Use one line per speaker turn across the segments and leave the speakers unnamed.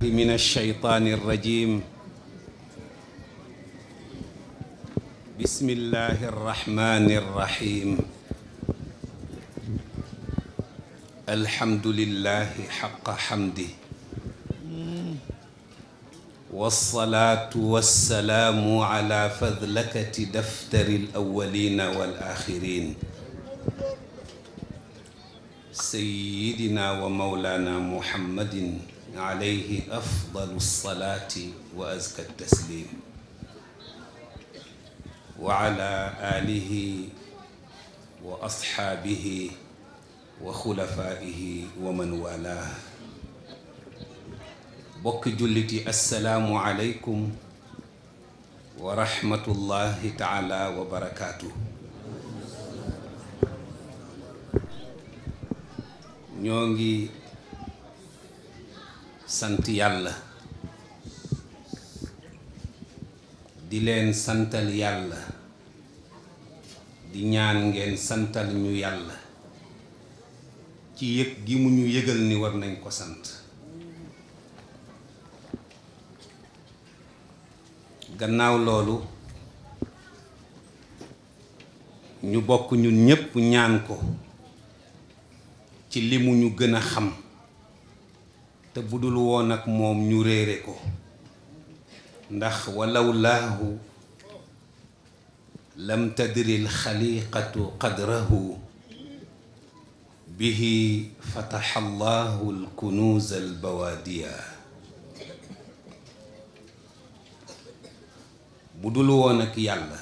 من الشيطان الرجيم بسم الله الرحمن الرحيم الحمد لله حق حمده والصلاة والسلام على فذلكة دفتر الأولين والآخرين سيدنا ومولانا محمد alayhi afdalu salaati wa azka taslim wa ala alihi wa asxaabihi wa xulafaa'ihi wa man waalaa bokki jullit yi assalaamu aleykum wa rahmatullahi taala wa barakaatu ñoo ngi sant yàlla di leen santal yàlla di ñaan ngeen santal ñu yàlla ci yëg gi mu ñu yëgal ni war nañ ko sant gannaaw loolu ñu bokk ñun ñépp ñaan ko ci li mu ñu gën a xam te budul woon ak moom ñu réere ko ndax walaw laahu lam tadri alxaliqatu qadrahu bihi fataxa allahu alkunuuz albawaadiya budul woon ak yàlla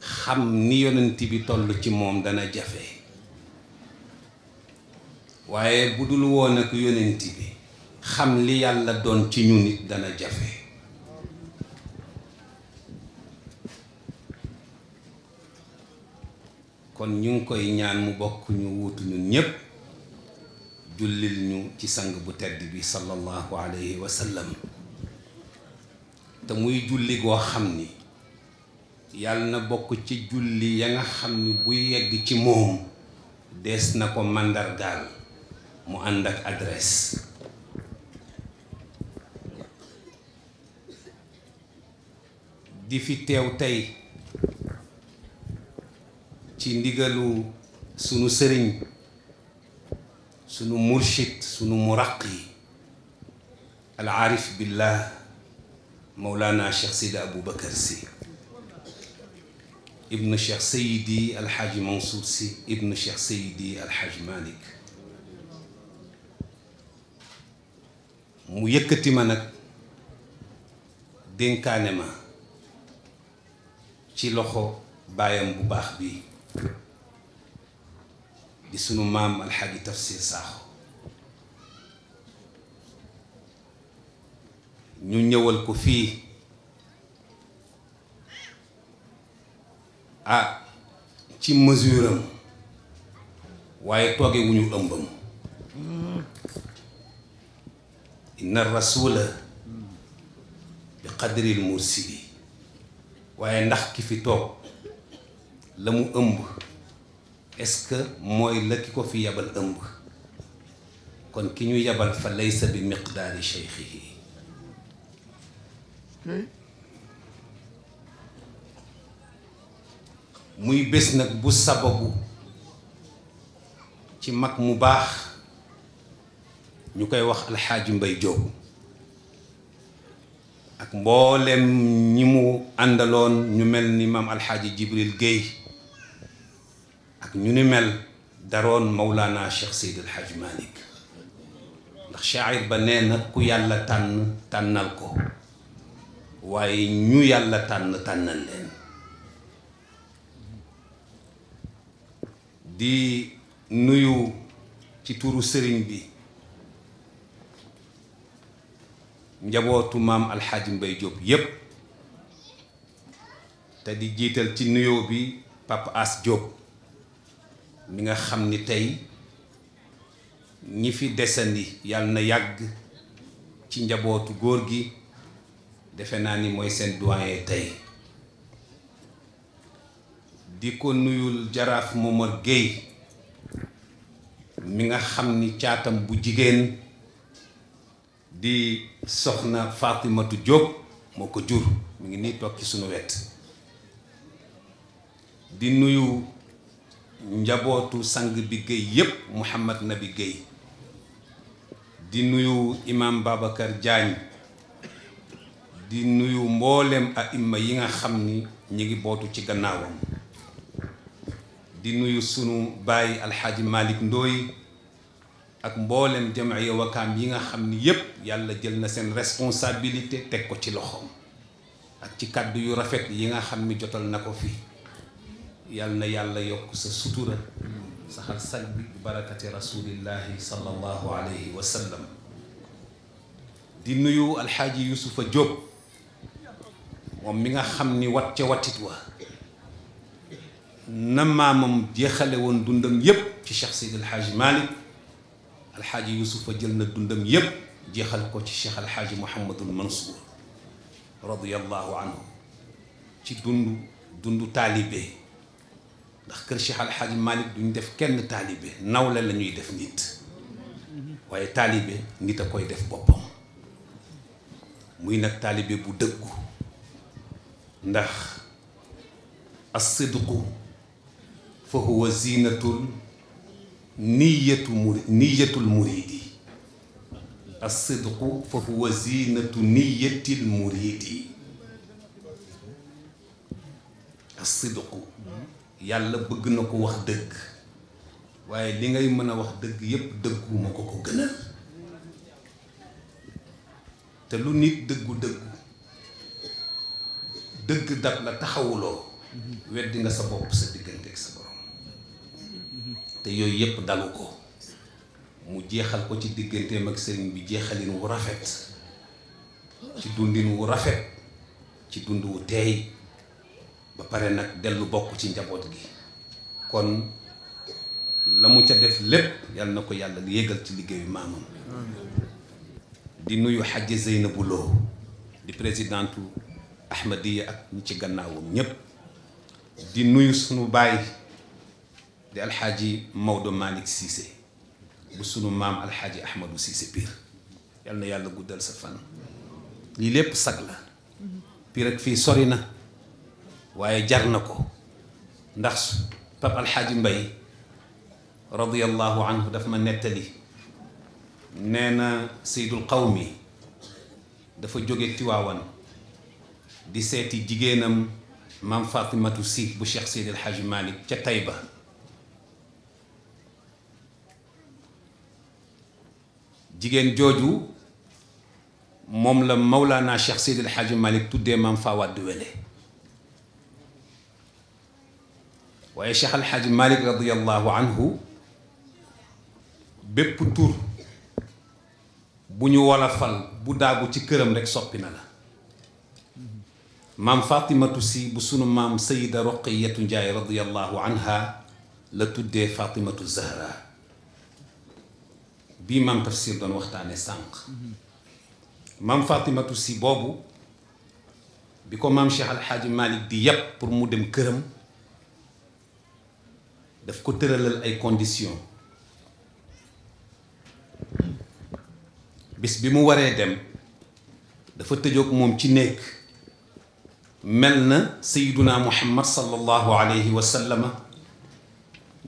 xam ni yonent bi toll ci moom dana jafe waaye bu dul woon ak yonent bi xam li yàlla doon ci ñu it dana jafe kon ñu ngi koy ñaan mu bokk ñu wuutu ñun ñépp jullil ñu ci sang bu tedd bi sallallahu alayhi wa te muy julli goo xam ni yàlla na bokk ci julli ya nga xam ni buy yegg ci moom des na ko màndargaal mu ànd ak adresse di fi teew tey ci ndigalu sunu sëriñ sunu murshid sunu muraqi al aarif billah mawlana cheikh sidi aboubacar si ibnu cheikh sayidi alxaaji mansour si ibnu cheikh sayidi alxaaji malik mu yëkkati ma nag dénkaane ma ci loxo baayam bu baax bi di sunu maam alxaaji tafsir saaxo ñu ñëwal ko fii ah ci mesure waaye tooge wu ñu ëmbam inna rasula bi qadril mursili waaye ndax ki fi toog la mu ëmb est-ce mooy la ki ko fi yabal ëmb kon ki ñu yabal fa laysa bi miqdaari cheikhihi muy bés nag bu sababu ci mag mu baax ñu koy wax alxaaji mbay Jóob ak mboolem ñi mu àndaloon ñu mel ni maam alxaaji jibril géey ak ñu ni mel daroon mawlaana cheikh seyd alxaaji malik ndax shaayir ba nee na ku yàlla tànn tànnal ko waaye ñu yàlla tànn tànnal leen di nuyu ci turu sëriñ bi njabootu maam alxaaji Mbay Jóob yépp te di jiital ci nuyoo bi Papa As Jóob mi nga xam ni tey ñi fi desandi yàlla na yàgg ci njabootu góor gi defe naa ni mooy seen doyen tey di ko nuyul jaraaf Momar géey mi nga xam ni caatam bu jigéen di soxna Fatimatu Diop moo ko jur mu ngi nii toog ci suñu wet di nuyu njabootu sang bi Guèye yépp Mouhamad Nabi Guèye di nuyu imam Babacar Diagne di nuyu mboolem aima yi nga xam ni ñi ngi bootu ci gannaawam di nuyu sunu baay alxaaji Malick Ndoye ak mboolem jamaaya wakaam yi nga xam ni yépp yàlla jël na seen responsabilité teg ko ci loxoom ak ci kàddu yu rafet yi nga xam ni jotal na ko fi yàlla na yàlla yokk sa sutura saxal sag bi barakati rasulillahi sallallahu alayhi wa sallam di nuyu alxaaji yusufa Diop moom mi nga xam ni wat ca watit wa na maamam jeexale woon dundam yépp ci Cheikh Seydi El Hadji alxaaji yusufa jël na dundam yépp jeexal ko ci cheikh alxaaji mouhamadul mansour radiallahu anhu ci dund dundu taalibe ndax kër cheikh alxaaji malik duñ def kenn taalibe nawle lañuy def nit waaye taalibe nit a koy def boppam muy nag taalibe bu dëggu ndax as sidqu fa huwa zinatul niyatu muri niyatul muridi as-sidqu fa huwa yàlla bëgg na ko wax dëgg waaye li ngay mën a wax dëgg yépp dëggu ko ko gënal te lu nit dëggu dëggu dëgg dab la taxawuloo weddi nga sa bopp sa diggante ak sa te yooyu yépp dalu ko mu jeexal ko ci digganteem ak sëriñ bi jeexalin wu rafet ci dundin wu rafet ci dund wu teey ba pare nag dellu bokk ci njaboot gi kon la mu ca def lépp yal na ko yàlla yégal ci liggéeyu maamam di nuyu xaja Zeynabu Lo di présidentu Ahmadiya ak ñi ci gannaawam ñépp di nuyu sunu baay di alxaaji Maodo Malick Cissé bu sunu maam alxaaji Ahmadou Cissé Pire yal na yàlla guddal sa fan lii lépp sag la Pire ak fii sori na waaye jar na ko ndax pap alxaaji Mbay radiyallahu anhu daf ma nettali nee na seydul qawmi dafa jóge Tiwaawan di seeti jigéenam maam Fatimatu Si bu Cheikh Seydil Xaaji Malick ca Tayba jigéen jooju moom la Maulana Cheikh Seydil Hadji Malick tuddee maam Fawade Wele waaye Cheikh Al Hadji Malick radiyallahu anhu bépp tur bu ñu wolofal bu daagu ci këram rek soppi na la maam Fatimatu si bu sunu maam Sayida Roqiyatu Njaay radiyallahu anha la tuddee Fatimatu Zahra bii maam tafsir doon waxtaane sànq maam fatimatu si boobu bi ko maam Cheikh Alxaaji Malick di yàpp pour mu dem këram daf ko tëralal ay condition bis bi mu waree dem dafa tëjoog moom ci nekk mel na sayiduna muhammad sallallahu alayhi wa sallama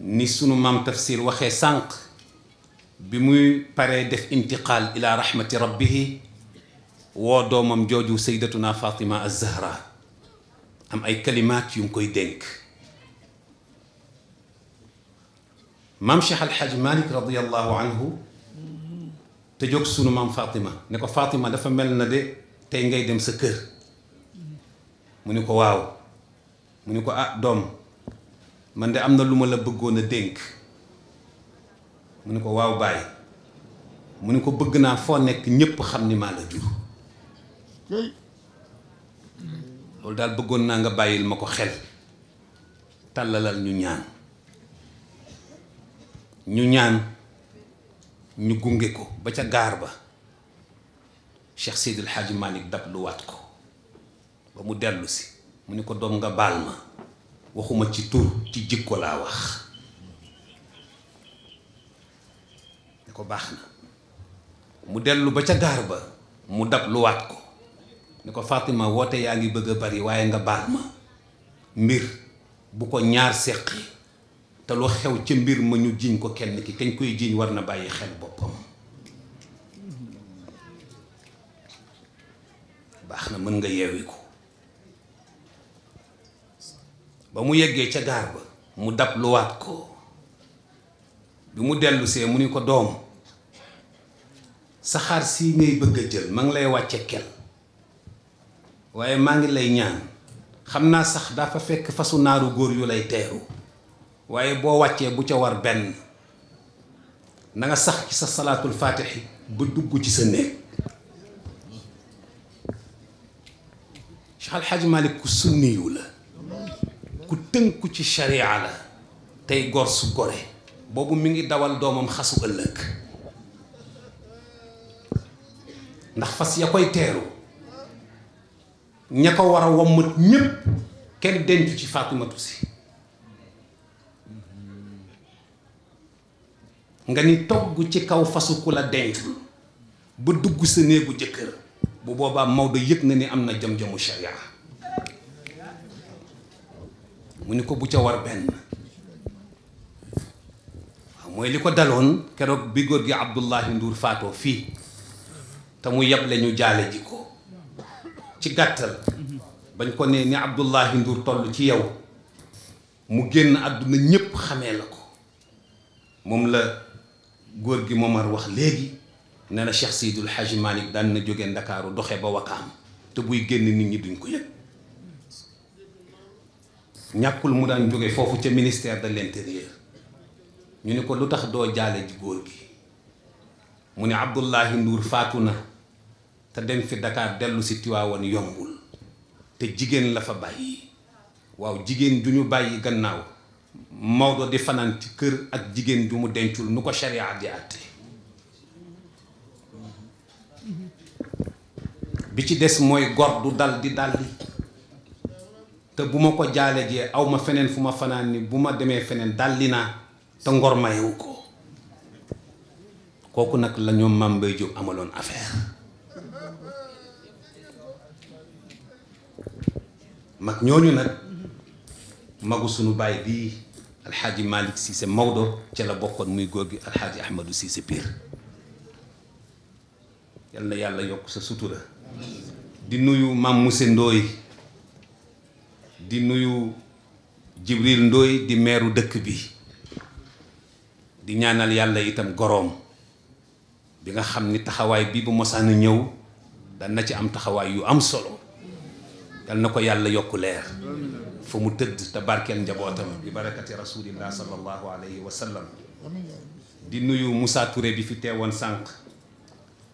ni sunu maam tafsir waxee sànq bi muy paree def intiqaal ila rahmati rabbihi woo doomam jooju saydatuna fatima az-zahra am ay kalimaat yum koy dénk maam cheikh alxaaj malik radiallahu anhu te jóg sunu maam fatima ne ko fatima dafa mel na de tey ngay dem sa kër mu ni ko waaw mu ni ko ah doom man de am na lu ma la bëggoon a dénk mu ne ko waaw bàyyi mu ne ko bëgg naa foo nekk ñépp xam ni maa la jur loolu daal bëggoon naa nga bàyyil ma ko xel tàllalal ñu ñaan ñu ñaan ñu gunge ko ba ca gaar ba Cheikh Seydil Hadji Malick dab lu wat ko ba mu dellusi mu ne ko doom nga baal ma waxuma ci tur ci ko laa wax ko baax na mu dellu ba ca gaar ba mu dab luwaat ko ni ko Fatima woote yaa ngi bëgg a bari waaye nga baax ma mbir bu ko ñaar seqi te lu xew ca mbir ma ñu jiñ ko kenn ki kañ koy jiñ war na bàyyi xel boppam baax na mën nga yeewi ko ba mu yeggee ca gaar ba mu dab luwaat ko bi mu dellusee mu ni ko doom saxaar si ngay bëgg a jël ma ngi lay wàcce kel waaye maa ngi lay ñaan xam naa sax dafa fekk fasu naaru góor yu lay teeru waaye boo wàccee bu ca war benn nanga sax ci sa salaatul faatixi ba dugg ci sa néeg Cheikh Al Hadj Malick ku sunniyu la ku tënku ci sharia la tey gor gore boobu mi ngi dawal doomam xasu ëllëg ndax fas ya koy teeru ña ko war a wommat ñépp kenn dencu ci Faatumatu si nga ni togg ci kaw fasu ku la denc ba dugg sa néegu jëkkër bu boobaa Maodo yëg na ni am na jam-jamu sharia mu ni ko bu ca war benn mooy li ko daloon keroog bi góor gi Abdullahi Ndour faatoo fii te mu yeble ñu jaale ji ko ci gàttal bañ ko nee ni Abdullahi Ndour toll ci yow mu génn àdduna ñépp xamee la ko moom la góor gi Momar wax léegi ne na Cheikh Seydil Hadji Malick daan na jóge Ndakaaru doxe ba Wakaam te buy génn nit ñi duñ ko yëg ñàkkul mu daan jóge foofu ca ministère de l'intérieur ñu ni ko lu tax doo jaale ji góor gi mu ne Abdullahi Ndour faatu na te dem fi dakaar dellu si Tiwaawan yombul te jigéen la fa bàyyi waaw jigéen ju ñu bàyyi gannaaw Maodo di fanaan ci kër ak jigéen ju mu dencul nu ko sharia di àtte bi ci des mooy gor du dal di daldi te bu ma ko jaale jee aw ma feneen fu ma fanaan ni bu ma demee feneen dalli naa te ngor ko kooku nag la ñoom Mame Mbaye amaloon affaire mag ñooñu nag magu sunu baay bii alxaaji Malick Cissé Maodo ca la bokkoon muy góor gi alxaaji Ahmadou Cissé Pire yal na yàlla yokk sa sutura di nuyu maam Mousse Ndoye di nuyu Jibril Ndoye di meeru dëkk bi di ñaanal yàlla itam goroom bi nga xam ni taxawaay bi bu mosaan ñëw daan ci am taxawaay yu am solo yal na ko yàlla yokk leer fa mu tëdd te barkeel njabootam bi barakati rasulillah sallallahu alayhi wa sallam di nuyu musaa Touré bi fi teewoon sànq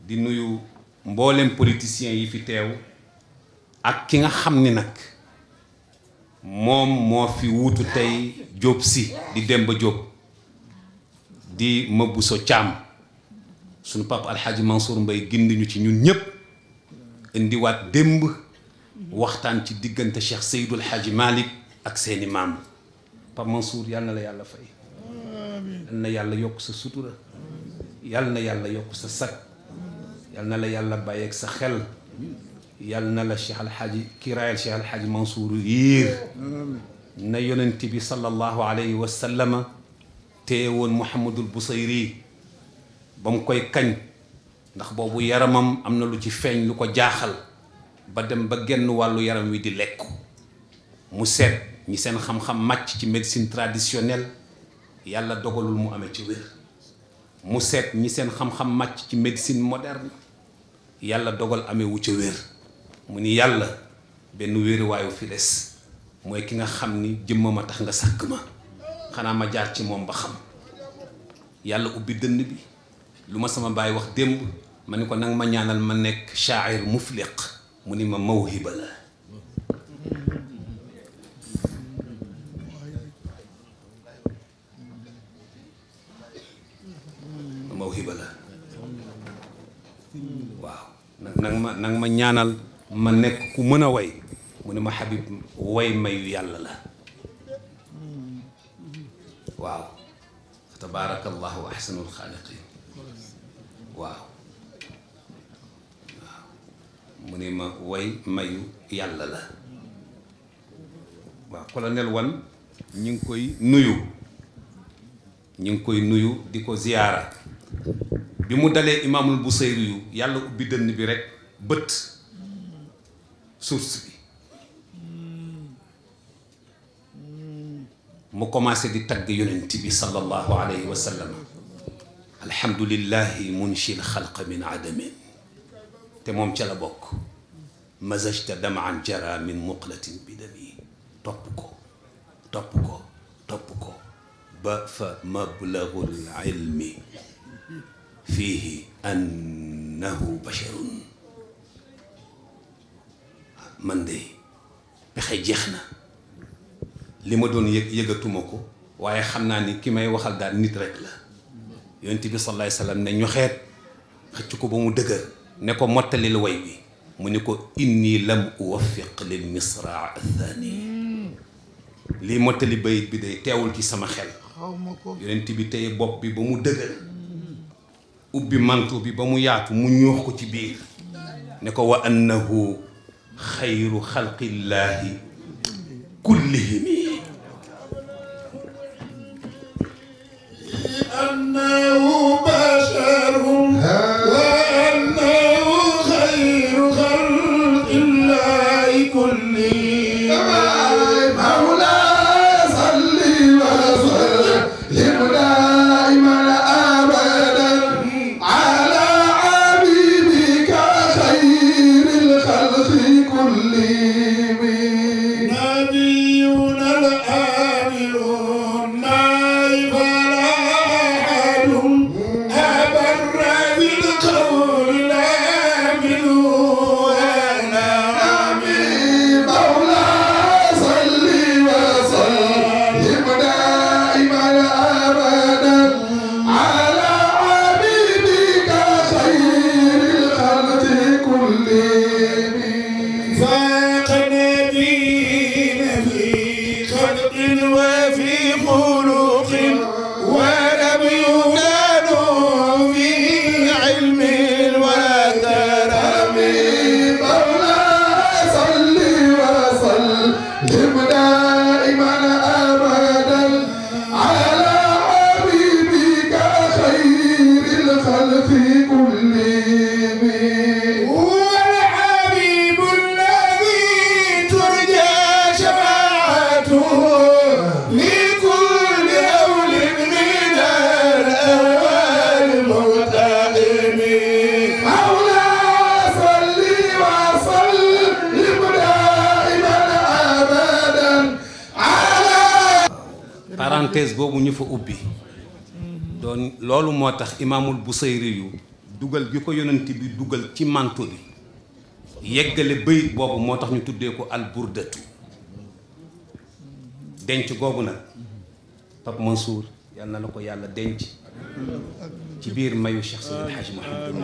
di nuyu mboolem politiciens yi fi teew ak ki nga xam ni nag moom moo fi wuutu tey Diop si di Demba Diop di Mabousso Thiam suñu papa alxaaji Mansour Mbaye gindi ñu ci ñun ñëpp indiwaat démb waxtaan ci diggante Cheikh Seydul Hadji malik ak seeni maam Pape Mansour yàlla na la yàlla fay
yàlla
na yàlla yokk sa sutura yàlla na yàlla yokk sa sag yàlla na la yàlla bàyyeeg sa xel yàlla na la Cheikh Alhaji kiraayal Cheikh Alhaji Mansour yiir na yonent bi sallallahu alayhi wa sallama tee woon Mouhamadul Busayri ba mu koy kañ ndax boobu yaramam am na lu ci feeñ lu ko jaaxal ba dem ba genn wàllu yaram wi di lekku mu seet ñi seen xam-xam màcc ci médecine traditionnelle yàlla dogalul mu amee ci wér mu seet ñi seen xam-xam màcc ci médecine moderne yàlla dogal amee ca wér mu ni yàlla benn wéeruwaayu fi des mooy ki nga xam ni jëmmam a tax nga sàkk ma xanaa ma jaar ci moom ba xam yàlla ubbi dënn bi lu ma sama bàyyi wax démb ma ni ko nag ma ñaanal ma nekk shaa'ir mufliq mu ni ma mawhiba la mawhiba la waaw nag ma nag ma ñaanal ma nekk ku mën a way mu ni ma Habib way mayu yàlla la waaw fa tabaarakallahu ahsanul xaaliqin waaw mu ne ma way mayu yàlla la waaw colonel Wane ñu ngi koy nuyu ñu ngi koy nuyu di ko ziyaara bi mu dalee imaamul Busayri yu yàlla ubbi dënn bi rek bët suuf bi mu commencé di tagg yonent bi sallallahu alayhi wa sallam alhamdulillahi munshil xalq min adamin te moom ca la bokk mazajta damaan jara min muqlatin bi dami topp ko topp ko topp ko ba fa mablagul ilmi fiihi annahu basharun man de pexe jeex na li ma doon yëg yëgatuma ko waaye xam naa ni ki may waxal daal nit rek la yonent bi sallallahu alayhi wasallam ne ñoxeet xëcc ko ba mu dëgër ne ko mottalil way wi mu ni ko inni lam uwaffiq lil misraa athani lii mottali bayit bi day teewul ci sama xel yonent bi tey bopp bi ba mu dëgër ubbi mantu bi ba mu yaatu mu ñuux ko ci biir ne ko wa annahu xayru xalqillaahi kullihim googu ñu ubbi doon loolu moo tax imaamul Busayri yu dugal gi ko yonent bi dugal ci manto bi moo tax ñu tuddee ko alburdatu denc googu nag Pape Mansour yal na la ko yàlla denc ci biir mayu Cheikh Seydi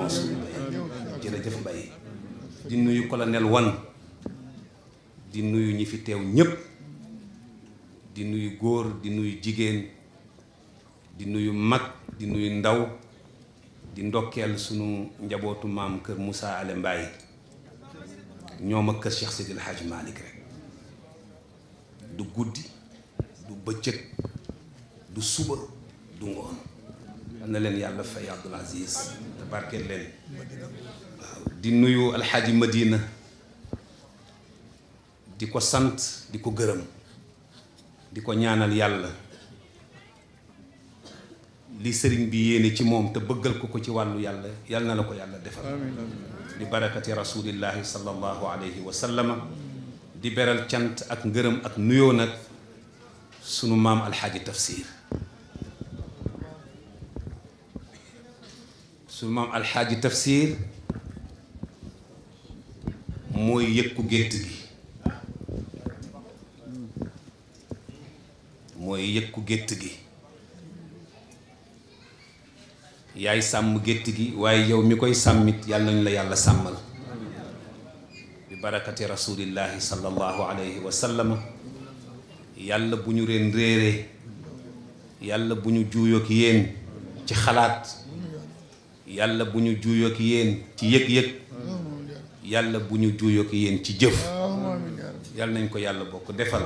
di nuyu colonel Wan di nuyu ñi fi teew ñépp di nuyu góor di nuyu jigéen di nuyu mag di nuyu ndaw di ndokkeel suñu njabootu maam kër Moussa Ale Mbaye ñoom ak kër Cheikh Seydil Hadj Malick rek du guddi du bëccëg du suba du ngoon am na leen yàlla fay Abdoul Aziz te barkeel leen waaw di nuyu alxaaji Madina di ko sant di ko gërëm di ko ñaanal yàlla li sëriñ bi yéene ci moom te bëggal ko ko ci wàllu yàlla yal na la ko yàlla defal di barakati rasulillahi sallallahu alayhi di beral cant ak ngërëm ak nuyoona sunu maam alxaaji tafsir sunu maam alxaaji yëkku gétt gi mooy yëkku gétt gi yaay sàmm gétt gi waaye yow mi koy sàmmit yàlla nañ la yàlla sàmmal bi barakati rasulillahi sallallahu alayhi yàlla bu ñu reen réeree yàlla bu ñu yéen ci xalaat yàlla bu ñu yéen ci yëg-yëg yàlla bu ñu juyook yéen ci jëf yàlla nañ ko yàlla bokk defal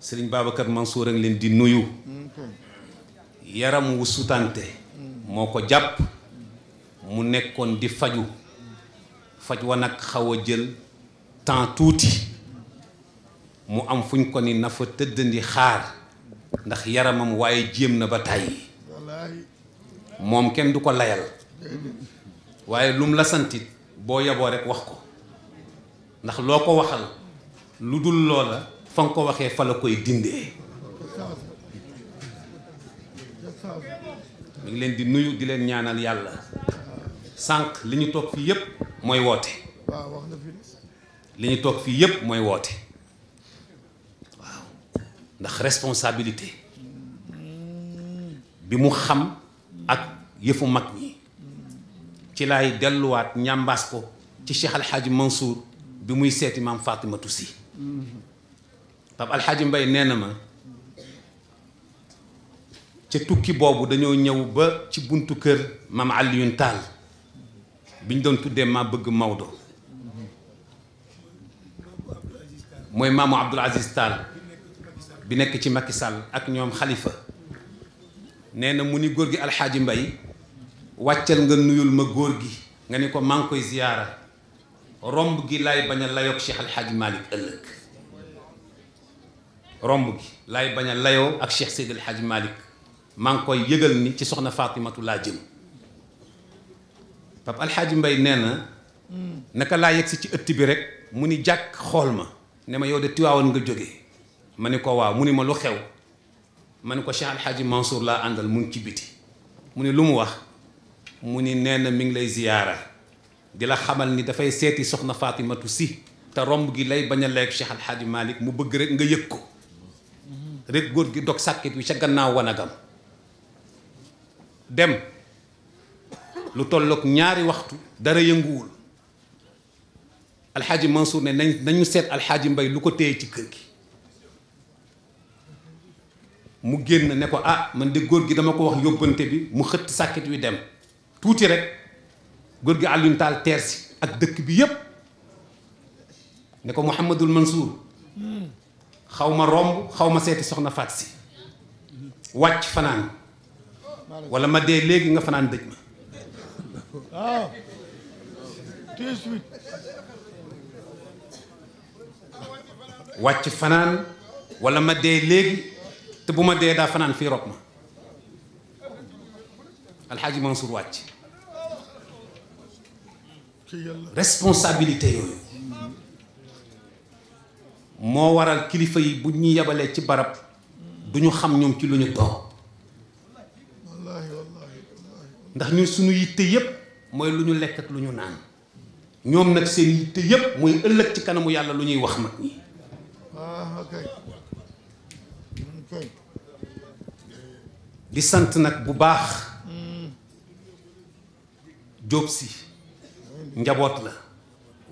sëriñ Babacar Mansour leen di nuyu yaram wu sutante moo ko jàpp mu nekkoon di faju faj wa nag xaw a jël temps tuuti mu am fuñ ko ni na fa tëddandi xaar ndax yaramam waaye jéem na ba tàyyi moom kenn du ko layal waaye lum la santit boo yaboo rekk wax ko ndax loo ko waxal lu dul loola fa nga ko waxee fa la koy dindee ñu leen di nuyu di leen ñaanal yàlla sànq li ñu toog fii yépp mooy woote li ñu toog fii yépp mooy woote waaw ndax responsabilité bi mu xam ak yëfu mag ñi ci lay delluwaat ñàmbaas ko ci Cheikh Al Hadj bi muy seeti maam Fatimatu Si Pape Al Hadj Mbaye nee na ma. ca tukki boobu dañoo ñëw ba ci buntu kër maam Alioune Tall biñ doon tuddee maa bëgg Maodo mooy maamu Abdoul Aziz Tall bi nekk ci Macky sàll ak ñoom xalifa nee na mu ni góor gi alxaaji Mbay wàccal nga nuyul ma góor gi nga ni ko maa ngi koy ziyaara romb gi laay bañ a layoog gi laay bañ a layoo ak Cheikh Seydi alxaaji Malick maa ngi koy yëgal ni ci soxna Fatimatu laa jëm Pape Alxaaji Mbay nee na naka laa yegsi ci ëtt bi rek mu ni jàkk xool ma ne ma yow de Tiwaawan nga jóge ma ni ko waaw mu ni ma lu xew ma ni ko Cheikh Alxaaji Mansour laa àndal mu ngi ci biti mu ni lu mu wax mu ni nee na mi ngi lay ziyaara di xamal ni dafay seeti soxna Fatimatu si te romb gi lay bañ a lekk Cheikh Alxaaji Malick mu bëgg rek nga yëg ko rek góor gi dog sàkkit wi ca gannaaw wanagam dem lu tollook ñaari waxtu dara yënguwul alxaaji Mansour ne nañ nañu seet alxaaji Mbay lu ko téye ci kër gi mu génn ne ko ah man de góor gi dama ko wax yóbbante bi mu xëtt sàkkit wi dem tuuti rek góor gi Alioune Tall si ak dëkk bi yépp ne ko Mouhamadul Mansour xaw ma romb xaw ma seeti soxna Faat si wàcc fanaan wala ma dee léegi nga fanaan dëj ma ah. wàcc fanaan wala ma dee léegi te bu ma dee daa fanaan fii rob ma alxaaji Mansour wàcc
responsabilité
yooyu moo waral kilifa yi bu ñu yebalee ci barab du ñu xam ñoom ci lu ñu toog ndax ñu suñu yitte yépp mooy lu ñu lekk lu ñu naan ñoom nag seen yitte yépp mooy ëllëg ci kanamu yàlla lu ñuy wax mag
ñi ah,
di sant nag bu baax hmm. Jóob njaboot la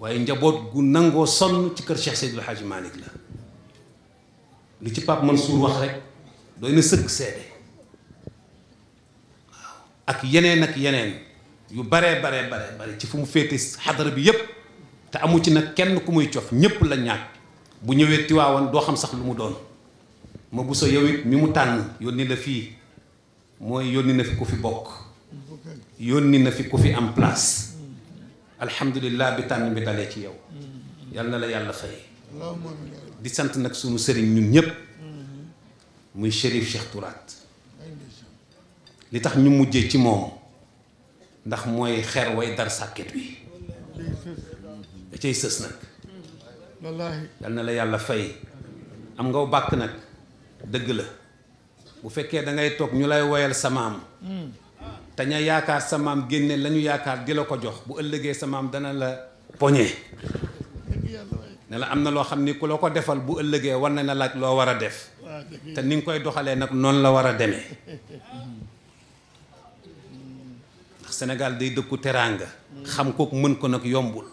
waaye njaboot gu nangoo sonn ci kër Cheikh Seydil Hadji Malick la lu ci Pape Mansour wax rek doy na sëkk seede ak yeneen ak yeneen yu baree baree bare bare ci fu mu féete xadara bi yépp te amu ci nag kenn ku muy cof ñépp la ñaaj bu ñëwee tiwaawan doo xam sax lu mu doon ma bu sa yow it mi mu tànn yónni la fii mooy yónni na fi ku fi bokk yónni na fi ku fi am place alhamdulillah bi tànn bi dalee ci yow yal la yàlla fay di sant nag sunu sëriñ ñun ñépp muy Chérif Cheikh Tourate li tax ñu mujjee ci moom ndax mooy xer way dar sàkket bi da cay sës nag yal na la yàlla fay am nga bàkk nag dëgg la bu fekkee da ngay toog ñu lay woyal sa maam hmm. te ña yaakaar sa maam génne la ñu yaakaar di la ko jox bu ëllëgee sa maam dana la poñe ne la am na loo xam ni ku la ko defal bu ëllëgee war na la laaj loo war a def te ni nga koy doxalee nag noonu la war a demee senegal day dëkku teraanga. xam ko mën ko nag yombul.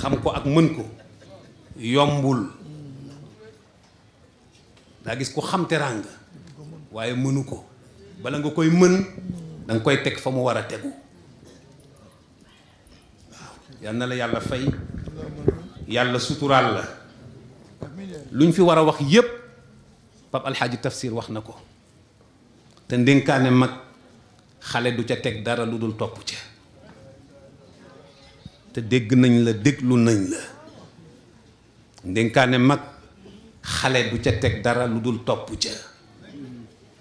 xam ko ak mën ko yombul daa gis ku xam teraanga waaye mënu ko bala nga koy mën danga koy teg fa mu war a tegu waaw na la yàlla fay yàlla suturaal la luñ fi war a wax yépp Pape Alxaaji Tafsir wax na ko te ndénkaane mag xale du ca teg dara lu dul topp ca te dégg nañ la déglu nañ la ndénkaane mag xale du ca teg dara lu dul topp ca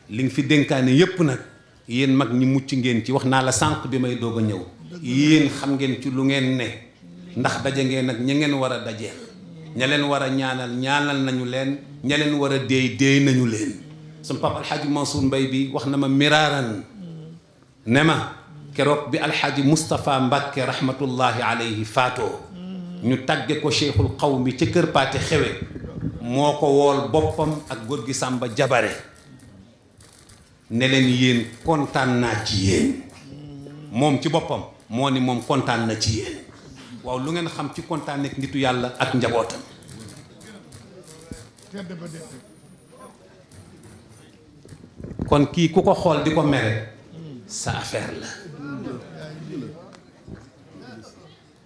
li nga fi dénkaane yépp nag yéen mag ñi mucc ngeen ci wax naa la sànq bi may doog ñëw yéen xam ngeen ci lu ngeen ne ndax daje ngeen ak ña ngeen war a daje ña leen war a ñaanal ñaanal nañu leen ña leen war a déey déey nañu leen sama papa alxaaji Mansour Mbay bi wax na ma miraaran ne ma keroog bi alxaaji Moustapha Mbàkke rahmatullahi alayhi faatoo ñu tagge ko cheikhul xawmi ca kër paate xewe moo ko wool boppam ak góor gi sàmba jabare ne leen yéen kontaan naa ci yéen moom ci boppam moo ni moom kontaan na ci yéen waaw lu ngeen xam ci kontaan nekk nitu yàlla ak njabootam kon kii ku ko xool di ko mere sa affaire la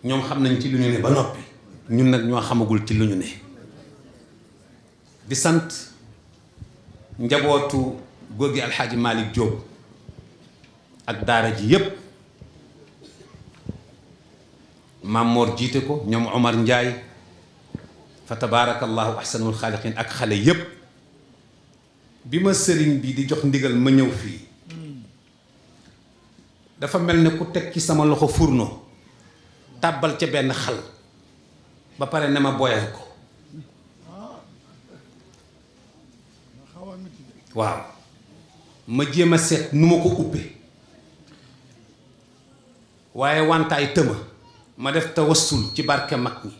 ñoom xam nañ ci lu ñu ne ba noppi ñun nag ñoo xamagul ci lu ñu ne di sant njabootu góor gi alxaaji Malick Diop ak daara ji yépp Mamor jiite ko ñoom Omar njaay fa tabaarakallahu ahsanul xaaliqin ak xale yépp bi ma sëriñ bi di jox ndigal ma ñëw fii dafa mel ne ku teg ci sama loxo furno tàbbal ca benn xal ba pare ne ma boyal ko waaw ma jéem a seet nu ma ko ubbee waaye wantaay tëma ma def tawassul ci barke mag ñi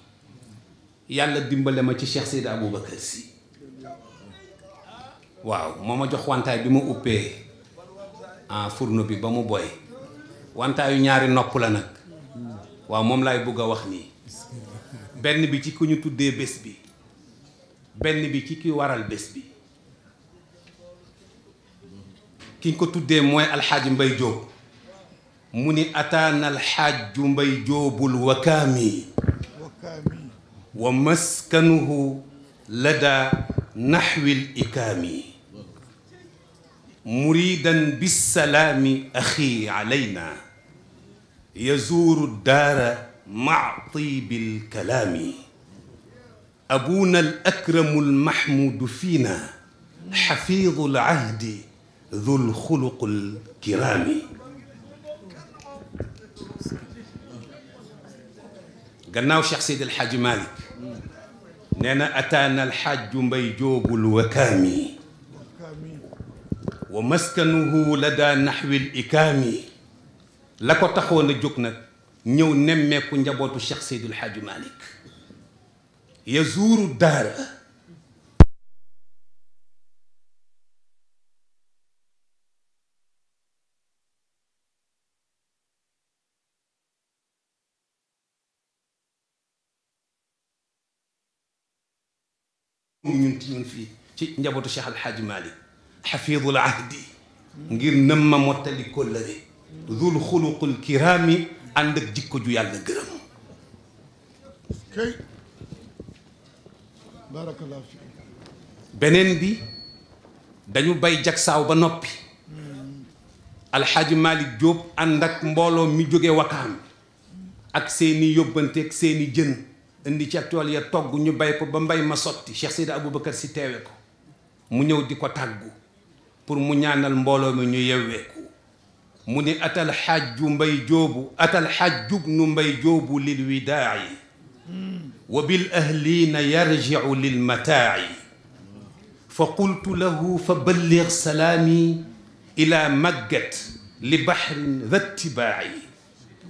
yàlla dimbale ma ci Cheikh Seydi Aboubacar Sy waaw moo ma jox wantaay bi ma ubbee ah fourneau bi ba mu boy wantaayu ñaari nopp la nag waaw moom lay bëgg a wax nii benn bi ci ku ñu tuddee bés bi benn bi ci ki waral bés bi ki ko tuddee mooy alxaaj mbay jóob mu ni ataana alxaaj mbay jóobul wakaami wa maskanuhu lada naxwil ikaami muridan bisalaami axi alayna yazuuru daara maa tiibil kalaami abuna al akramu al mahmudu fiina xafiidu al ahdi dul xuluqul kiraami gannaaw Cheikh Seydi El Hadji Malick nee na ataana alxaaju mbay joobul wakaami wa maskanuhu lada naxwi likaami la ko taxoon a jóg nag ñëw nemmeeku njabootu Cheikh Seydil Hadji Malick yazuuru daara ñun ci ñun fii ci njabootu Cheikh Al Hadji Malick xafidul ahdi ngir nëmma mottali kóllëre zul xuluqul kiraami ànd ak jikko ju yàlla gërëm beneen bi dañu bay jagsaaw ba noppi alxaaji Malick Diop ànd ak mbooloo mi jóge wakaam ak seeni yóbbante ak seeni jën indi ca tool ya togg ñu bay ko ba mbay ma sotti Cheikh Seydi Aboubacar si teewe ko mu ñëw di ko tàggu pour mu ñaanal mbooloo mi ñu yewwee mu ni atal xajju mbay joobu atal xajjub nu mbay joobu lil widaayi wa bil ahliina yarjicu lil mataayi fa qultu lahu fa balligh salaami ila maggat li baxrin da tibaaci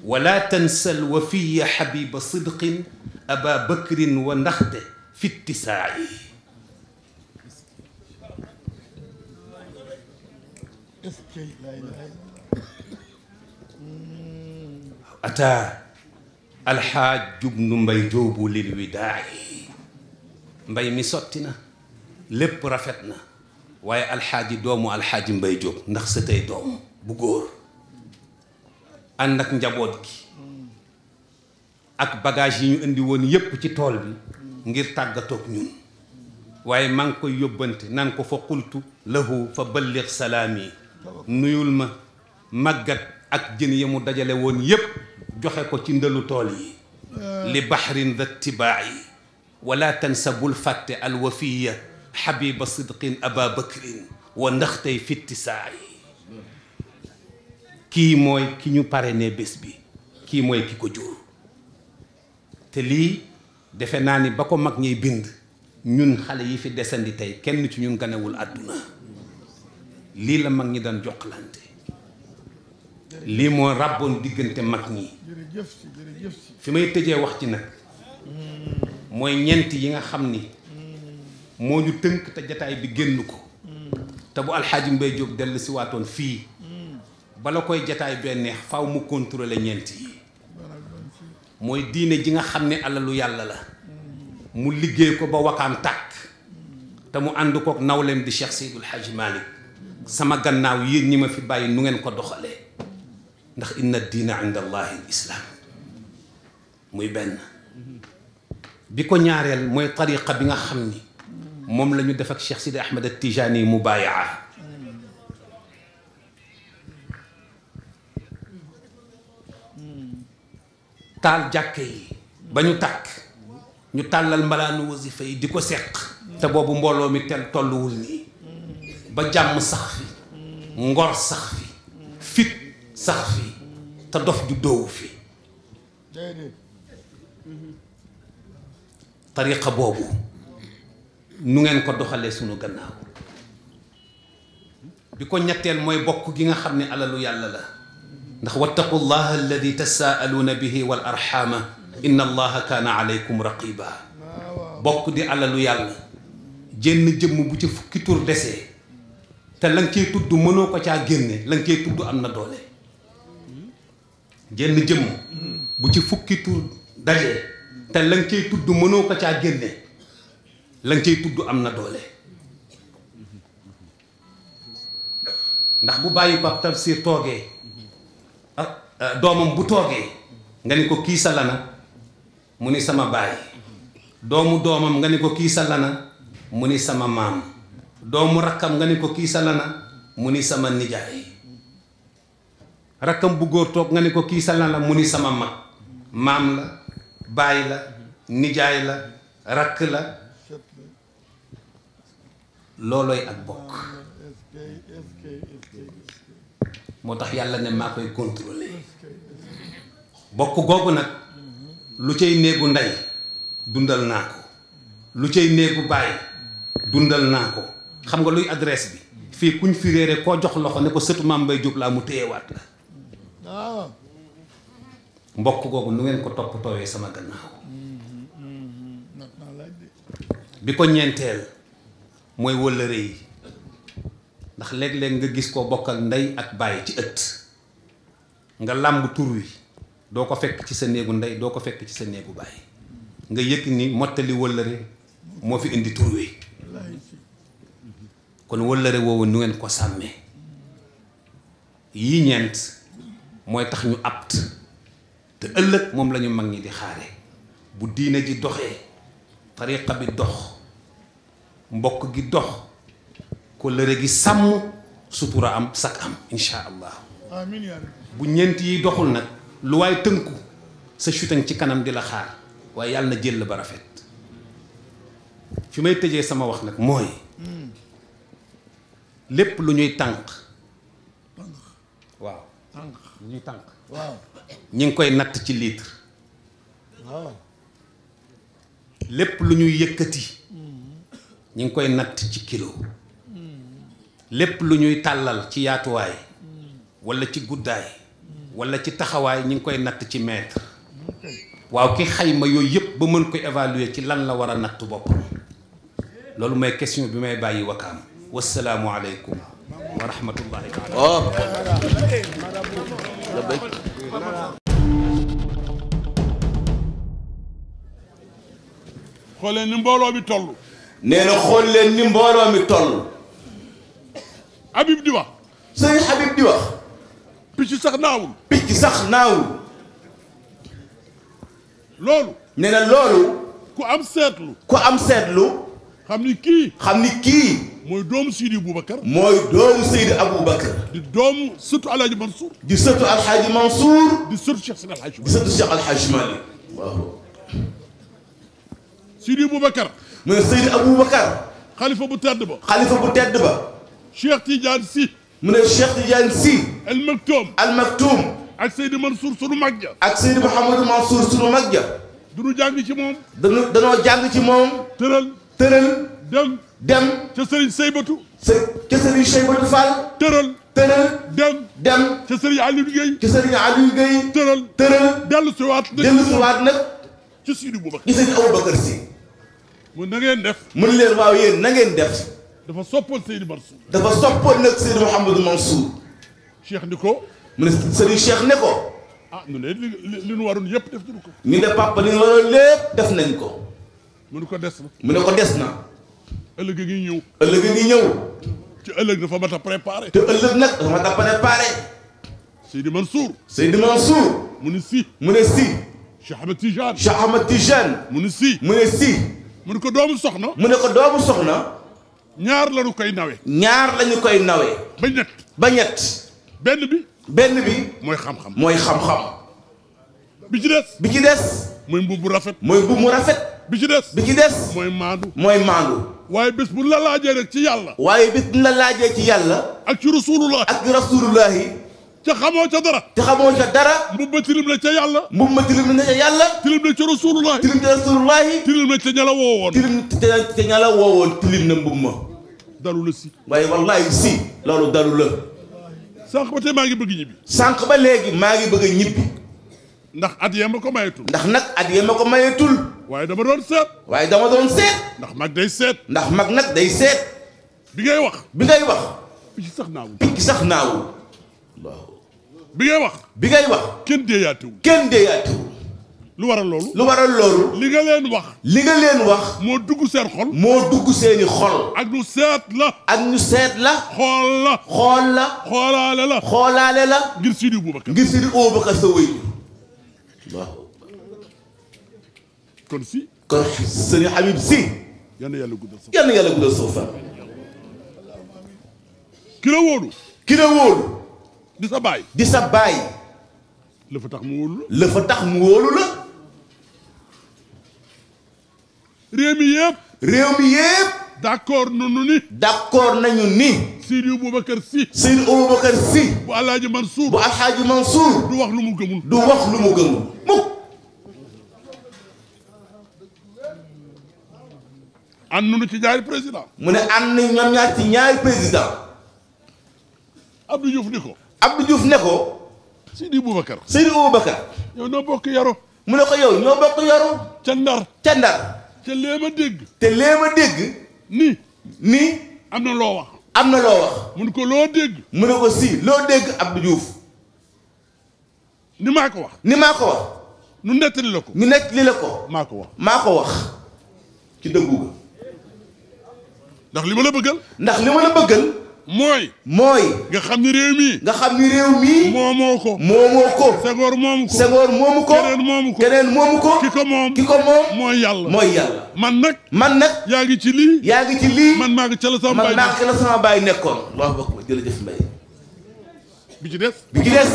wala tansal wafiya xabiba sidqin aba bakrin wa ndaxte fi ttisaaci Est-ce que ataa alxaaj jubnu mbay jóobu lil widaayi mbay mi sotti na lépp rafet na waaye alxaaji doomu alxaaji mbay jóob ndax sa tey doom bu góor ànd ak njaboot gi ak bagage yi ñu indi woon yépp ci tool bi ngir tàggatook ñun waaye maa ngi koy yóbbante nan ko fa qultu lahu fa balligh salaami nuyul ma màggat ak jën ya mu dajale woon yépp joxe ko ci ndëlu tool yi euh. li baxrin da tibaayi wala tansa bul fàtte alwafiya xabiba sidqin aba bakrin wa ndaxtey fittisaayi kii mooy ki ñu parrainé bés bi kii mooy ki ko jur te lii defe naa ni ba ko mag ñuy bind ñun xale yi fi desandi tey kenn ci ñun ganewul àdduna lii la mag ñi daan jokkalante
lii moo ràbboon
diggante mag ñi fi may tëjee wax ci nag mooy ñent yi nga xam ni moo ñu tënk te jataay bi génn ko te bu alxaaji Mbay Jóob dellu si waatoon fii bala koy jataay bee faw mu contrôler ñent yi mooy diine ji nga xam ne alalu yàlla la mu liggéey ko ba wakaam tàkk te mu ànd kook nawleem di Cheikh Seydul Xaaji Malick sama gannaaw yéen ñi ma fi bàyyi nu ngeen ko doxalee ndax inna diina inda allahi islaam muy benn bi ko ñaareel mooy tariqa bi nga xam ni moom la ñu def ak Cheikh Sidi Ahmed al Tijaani mu baayaa taal jàkke ba ñu takk ñu tàllal mbalaanu wasifa fay di ko seq te boobu mbooloo mi tel tolluwul nii ba jàmm sax fi ngor sax fi fit sax fi te dof ju doowu fi tariqa boobu nu ngeen ko doxalee sunu gannaaw bi ko ñetteel mooy bokk gi nga xam ni alalu yàlla la ndax wattaqu llah alladi tasaaluuna bihi wal arxaama inna allaha kaana aleykum raqiba bokk di alalu yàlla jenn jëmm bu ci fukki tur desee te la nga tudd mënoo ko caa génne la nga tudd am na doole jenn jëm hmm. bu ci fukki tur dajee te la nga cay tudd mënoo ko caa génne la cay tudd am na doole ndax bu bàyyi Pape Tafsir toogee ah, ah, doomam bu toogee nga ni ko kii sa lana mu ni sama baay doomu doomam nga ni ko kii sa lana mu ni sama maam doomu rakkam nga ni ko kii sa lana mu ni sama nijaay rakkam bu góor toog nga ne ko kii sa lan la mu ni sama mag maam la baay la nijaay la rakk la loolooy ak bokk moo tax yàlla ne maa koy contrôler bokk googu nag lu cay néegu ndey dundal naa ko lu cay néegu baay dundal naa ko xam nga luy adresse bi fii kuñ fi réere koo jox loxo ne ko sëtu maam Mbay Jóob laa mu téyewaat la waaw ah. mbokk googu nu ngeen ko toppatoowee sama gannaaw bi ko ñeenteel mooy wëllëre yi ndax léeg-léeg nga gis koo bokkal ndey ak bàyyi ci ëtt nga làmb tur wi doo ko fekk ci sa néegu ndey doo ko fekk ci sa néegu bàyyi nga yëg ni mottali wëllëre moo fi indi tur wi kon wëllëre woowu nu ngeen ko sàmmee yii ñeent mooy tax ñu apt te ëllëg moom lañu mag ñi di xaare bu diine ji doxee tariqa bi dox mbokk gi dox kóllëre gi sàmm sutura am sak am insha allah amiin bu ñeent yi doxul nag lu waaye tënku sa chutan ci kanam di la xaar waaye yàlla na jël ba rafet fi may tëjee sama wax nag mooy hmm. lépp lu ñuy tànq waaw ñuy tànk waaw ngi koy natt ci litre lépp lu ñuy yëkkati mm-hmm. ñu ngi koy natt ci kilo mm-hmm. lépp lu ñuy tàllal ci yaatuwaay mm-hmm. walla ci guddaay walla ci taxawaay ñu ngi koy natt ci mètre waaw ki xayma yooyu yëpp ba mën koy évaluer ci lan la war a nattu boppam loolu mooy question bi may bàyyi wakaam wasalaamualeykum wa rahmatullahi taala
xool leen ni mbooloo mi toll. nee na xool leen ni mbooloo mi toll. Habib di wax. sëñ Habib di picc sax naawul. picc sax naawul. loolu. nee na loolu. ku am seetlu. ku am seetlu. xam ni kii. xam mooy doomu Seydi Boubacar. mooy doomu Seydi Aboubacar. di doomu sëtu El Hadj Mansour. di sëtu El Hadj Mansour. di sëtu Cheikh Seydi El Hadj Malick. di sëtu Cheikh El Hadj Malick waaw. Seydi Boubacar. mooy Seydi Aboubacar. xalifa bu tedd ba. xalifa bu tedd ba. Cheikh Tidiane Sy. mu ne Cheikh Tidiane Sy. El Maktoum. El Maktoum. ak Seydi Mansour sunu mag ja. ak Seydi Mouhamadou Mansour sunu mag ja. du nu jàng ci moom. dañoo dañoo jàng ci moom. tëral tëral. dem. dem ca sëriñ Seybatu ca sëriñ Seybatu Fall tëral tëral dem dem ca sëriñ Aliou Guèye ca sëriñ Aliou Guèye tëral tëral dellu si waat nag dellu si waat nag ci Sidi Boubacar ci mu na ngeen def mu ne leen waaw yéen na ngeen def dafa soppoon Seydi Mansour dafa soppoon nag Seydi Mouhamadou Mansour Cheikh ni ko mu ne sëriñ Cheikh ne ko ah ñu ne li li ñu waroon yëpp def nañ ko ñu ne papa li ñu waroon def nañ ko mu ne ko des mu ne ko des na ëllëg a ñëw. ëllëg a ngi ci ëllëg dafa mat a préparé. te ëllëg nag dafa mat a préparé. Seydi Mansour. Seydi Mansour. mu ne si. ne si. Cheikh Ahmed Tijane. Cheikh Ahmed Tijane. mu ne si. mu ne si. mu ko doomu soxna. mu ne ko doomu soxna. ñaar la ñu koy nawe. ñaar la ñu koy nawe. ba ñett. ba ñett. benn bi. benn bi. mooy xam mooy xam-xam. bi ci bi ci des. mooy mbubb rafet. mooy mu rafet. bi ci des. bi ci des. mooy maandu. mooy maandu. waaye bis bu la laajee rek ci yàlla. waaye bis bu la laajee ci yàlla. ak ci rasulullah. ak rasulullah. ca xamoo ca dara. ca xamoo ca dara. mbubb ma tilim la ca yàlla. mbubb ma tilim la ca yàlla. tilim la ca rasulullahi. tilim ca rasulullahi. tilim la ca ña la woowoon. tilim na mbubb ma. dalu si. waaye wallaahi si. loolu dalu la. sànq ba tey sànq ba léegi maa ngi bëgg a ñibbi. ndax at yee ma ko mayetul. ndax nag at yee ma ko mayetul. waaye dama doon seet. waaye dama doon seet. ndax mag day seet. ndax mag nag day seet. bi ngay wax. bi ngay wax. picc sax naawul. picc sax bi ngay wax. bi ngay wax. kenn deeyaatiwul. kenn deeyaatiwul. lu war a loolu. lu waral loolu. li nga leen wax. li nga leen wax. moo dugg seen xol. moo dugg seeni xol. ak ñu seet la. ak ñu seet la. xool la. xool la. xoolaale la. xoolaale la. ngir Sidi Boubacar. ngir Sidi Boubacar sa wéy. waaw. kon si. kon yàlla guddal sa fan. yàlla guddal sa fan. la wóolu. ki la wóolu. di sa baay. tax mu wóolu tax mu wóolu réew mi yëpp. réew mi yëpp. d'accord nunu ni. du wax lu mu gëmul. du wax lu mu gëmul. ànd nañu ci ñaari président. mu ne ànd nañ ñoom ñaar ci ñaari président. Abdou Diouf ni ko. Abdou ne ko. Seydi Boubacar. Seydi Boubacar. yow noo bokk yaru. mu ne ko yow ñoo bokk yaru. ca ndar ca ndar. te lee ma dégg. te lee dégg. ni. ni. am na loo wax. am na loo wax. mu ne ko loo dégg. mu ne ko si loo dégg Abdou Diouf. ni maa ko wax. ni maa ko wax. nu nettali la ko. mu nettali la ko. maa ko wax maa ko wax ci dëggu ndax li ma a bëggal. ndax li ma a bëggal. mooy. mooy. nga xam ni réew mi nga xam ni réew mii. moomoo ko. moomoo ko. Senghor moomu ko. Senghor moomu ko. keneen moomu ko. keneen moomu ki ko moom. mooy yàlla. mooy yàlla. man nag. man nag. yaa ngi ci lii. yaa ngi ci lii. man maa ngi ca la sama baay. man maa ngi ca la sama baay nekkoon. Allahu ci des. bi ci des.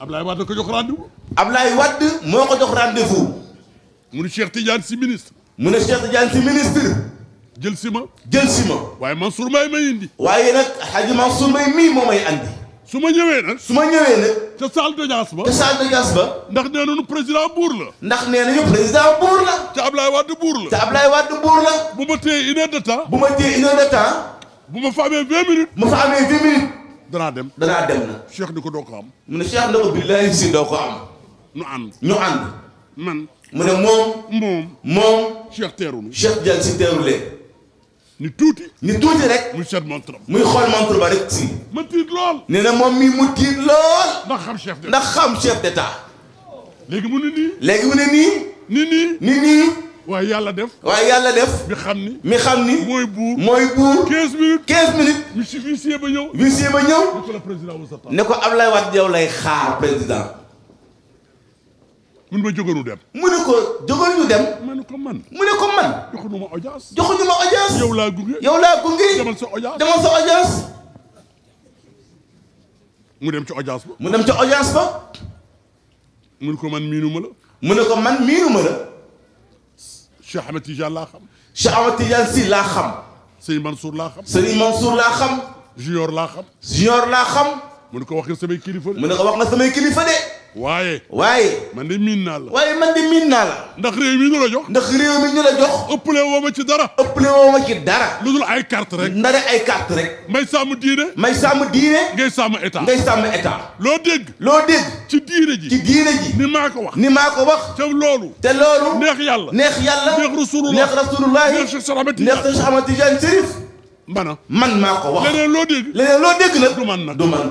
Ablaye Wade ko jox rendez-vous. Ablaye Wade moo ko jox rendez-vous. mu ne Cheikh Tidiane si ministre. mu ne Cheikh Tidiane si ministre. jël si ma. jël si ma. waaye Mansour Mbaye may indi. waaye nag xaji Mansour Mbaye mii moo may andi. su ma ñëwee nag. su ma ñëwee nag. ca salle d'audience ba. ca salle d'audience ba. ndax nee nañu président buur la. ndax nee nañu président buur la. ca Ablaye Wade buur la. ca Ablaye Wade buur la. bu ma téye une heure bu ma téye une heure bu ma fa amee vingt minutes. bu ma fa amee vingt minutes. danaa dem danaa dem na. Cheikh ni ko doo ko am. mu ne Cheikh ne ko billahi si doo ko am. ñu ànd. ñu ànd. man.
mu ne moom.
moom. moom. Cheikh teeru mi. Cheikh ni tuuti. ni tuuti rek. muy seet montre muy xool montre ba rek si. ma tiit lool. nee na moom mii mu tiit lool. ndax xam chef d'état ndax xam chef d'état. léegi mu ne nii. léegi mu ne nii. ni nii. ni nii. waaye yàlla def. waaye yàlla def. mi xam ni. mi xam ni. mooy buur. mooy buur. 15 minutes. 15 minutes. huissier ba ñëw. huissier ba ñëw. ne ko la président Oussata. ne ko Ablaye Wade yow lay xaar président. mun ma jógalu dem. mu ne ko jógal ñu dem. ma ne ko man. mu ne ko man. joxuñu ma audience. joxuñu ma audience. yow laa gunge. yow laa gunge. demal sa audience demal sa audience. mu dem ci audience ba. mu dem ci audience ba. mu ne ko man miinuma la. mu ne ko man miinuma la. Cheikh Ahmed Tidiane laa xam. Cheikh Ahmed Tidiane si laa xam. Serigne Mansour laa xam. Serigne Mansour laa xam. Junior laa xam. Junior laa xam. mu ko wax nga samay kilifa de. mu wax nga samay kilifa de. waaye. waaye. man de miin naa la. waaye man de naa la. ndax réew ñu la ndax réew mi la woo ma ci dara. ëppale woo ma ci lu dul ay carte rek. ndare ay carte rek. may sàmm diine. may sàmm diine. ngay sàmm état. ngay sàmm état. loo dégg. loo dégg. ci diine ji. ci diine ji. ni maa ko wax. ni maa ko wax. te loolu. te loolu. neex yàlla. neex yàlla. neex rasulullah. neex rasulullah. neex Cheikh Ahmad Tijaan Chérif. mbana man maa ko wax. leneen
loo dégg. leneen loo dégg nag.
du man nag du man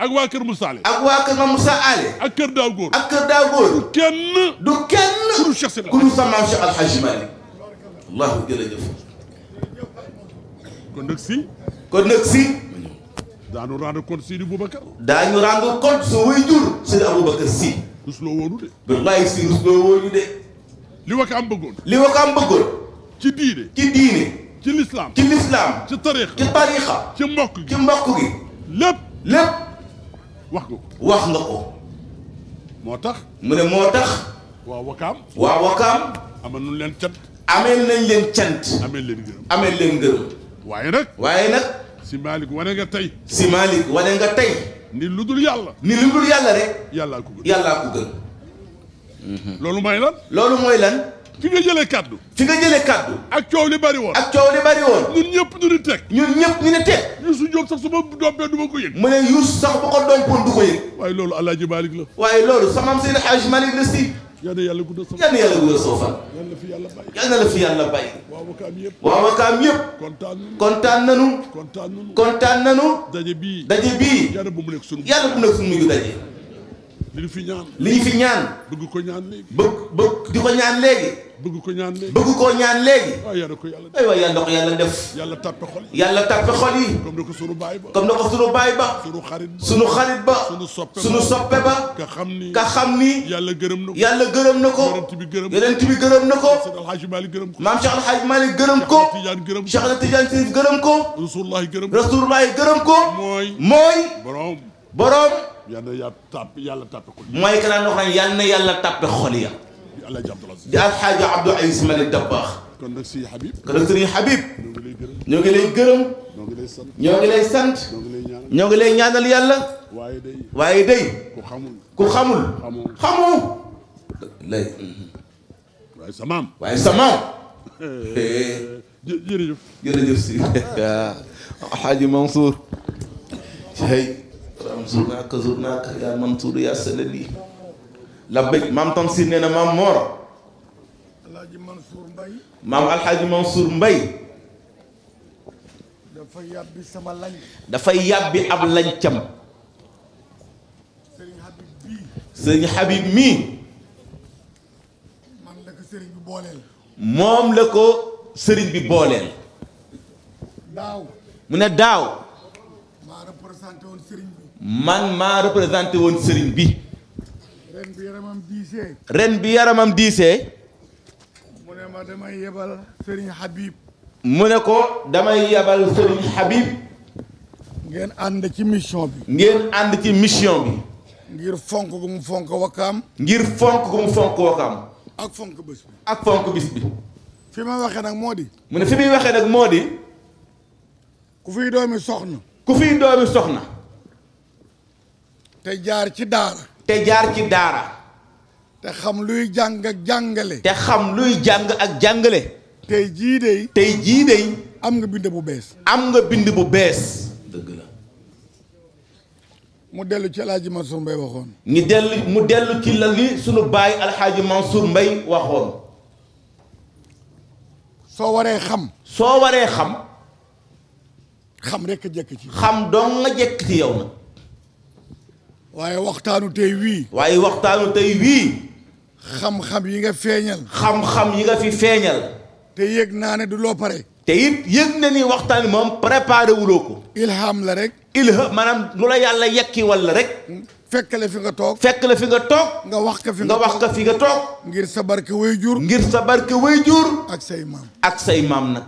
ak waa kër Moussa Allé. ak waa kër ma Moussa Allé. ak kër Daaw Góor. ak kër Daaw Góor. du kenn. du kenn. ku dul Cheikh Sida ku dul sama Cheikh Al Hadj Malick. wallaahu jërëjëf. kon nag si. kon nag si. daañu rendre compte Sidi Boubacar. daañu rendre compte sa waajur. Sidi Aboubacar si. rusloo woonu de. wallaahi si rusloo woonu de. li wa ko am bëggoon. li wa ko am bëggoon. ci diine. ci diine. ci lislaam. ci lislaam. ci tariixa. ci tariixa. ci mbokk gi ci mbokk gi. lépp lépp. wax nga ko wax nga ko. moo tax. mu ne moo tax. waa Wakaam. waa Wakaam. ama nañ leen cant. ameel nañ leen cant. ameel leen gërëm. ameel leen gërëm. waaye nag. waaye nag. si Malick wane nga tey. si Malick wane nga tey. ni lu dul yàlla. ni lu dul yàlla rek. yàllaa ko gën yàllaa loolu mooy lan. loolu mooy lan. fi nga jëlee kaddu. fi nga jëlee kaddu. ak coow li bari woon. ak coow li bari woon. ñun ñëpp ñu ni teg. ñun ñëpp ñu ni teg. Youssou Diop du ma ko yëg. mu ne Youssou sax bu ko dompoon du ko yëg. waaye loolu El Hadj Malick la. waaye loolu sama am seen Hadj Malick la si. yal na yàlla guddal soo na yàlla guddal soo fan. yal na fi yàlla bàyyi. yal na la bu mu nekk sunu. yàlla bu mu daje. li ñu fi ñaan. li ñu fi ñaan. bëgg ko ñaan léegi. bëgg bëgg di ko ñaan léegi. bëgg ko ñaan léegi bëgg koo ñaan léegi waaw yàlla ko yàlla ay waay yàlla ko yàlla def yàlla tàppe xol yi yàlla tàppe xol yi comme na ko sunu baay ba comme na ko sunu baay ba sunu xarit ba sunu xarit ba sunu soppe sunu soppe ba ka xam ni ka xam ni yàlla gërëm na ko yàlla gërëm na ko yonent bi gërëm yonent bi gërëm na ko alxaaji Maalik gërëm ko maam Cheikh alxaaji Maalik gërëm ko Tijaan gërëm Cheikh na Tijaan Sirif gërëm ko rasulullahi gërëm rasulullahi gërëm ko mooy mooy borom borom yàlla yàlla tàppe yàlla tàppe xol yi mooy ka naan wax naan yàlla na yàlla tàppe xol ya di alaaji Abdou Aziz di alxaaji Abdou Aziz Malick Dabakh kon nag sëñ Habib kon nag sëñ Habib ñoo ngi lay gërëm ñoo ngi lay sant ñoo ngi lay sant ñoo ngi lay ñaanal yàlla waaye day waaye day ku xamul ku xamul xamoo lay waaye sa maam waaye sa maam jërëjëf jërëjëf si Alxaaji Mansour hey. Ramzou naaka zur naaka yaa Mansour yaa Salali labbéy maam Tamsir nee na maam Moor
alaaji Mansour Mbay
maam alxaaji Mansour Mbay
dafa yàbbi sama lañ
dafay yàbbi ab lañcam
sëriñ Habib bii
sëriñ Habib mii
man la sëriñ bi booleel
moom la ko sëriñ bi booleel daaw mu ne daaw
maa représenté woon sëriñ
bi représenté woon sëriñ bi
ren bi yaramam diisee.
ren bi yaramam diisee.
mu ne ma damay yebal Serigne Habib.
mu ne ko damay yebal Serigne
Habib. ngeen ànd ci mission bi. ngeen ci mission ngir fonk gu mu fonk wakkaam. ngir fonk gu mu fonk wakkaam. ak fonk bi. ak fi ma waxee nag moo di.
mu ne fi muy waxee nag moo di. ku fiy doomi soxna. ku fiy doomi soxna. te jaar ci daara. te jaar ci daara te xam luy jàng ak jàngale te xam luy jàng
ak jàngale tey jii dey tey jii dey am nga bind bu bees am nga bind bu bees mu dellu ci alxaaji Mansour Mbaye waxoon
mu dellu ci la li sunu baay alxaaji Mansour Mbaye waxoon soo waree xam soo waree xam xam rekk jekk ci xam doo nga jekk ci yow nag waaye waxtaanu tey wii. waaye waxtaanu tey wii. xam-xam yi nga feeñal. xam-xam yi nga fi feeñal. te yëg naa ne du loo pare. te it yëg na ni waxtaan moom préparé wuloo ko. ilham la rek. ilham maanaam lu la yàlla yekki walla rek. Hmm? fekk la fi nga toog. fekk la fi nga toog. nga wax ka fi nga wax ka fi nga toog. ngir sa barke way jur. ngir sa barke
way jur. ak say maam
ak say maam na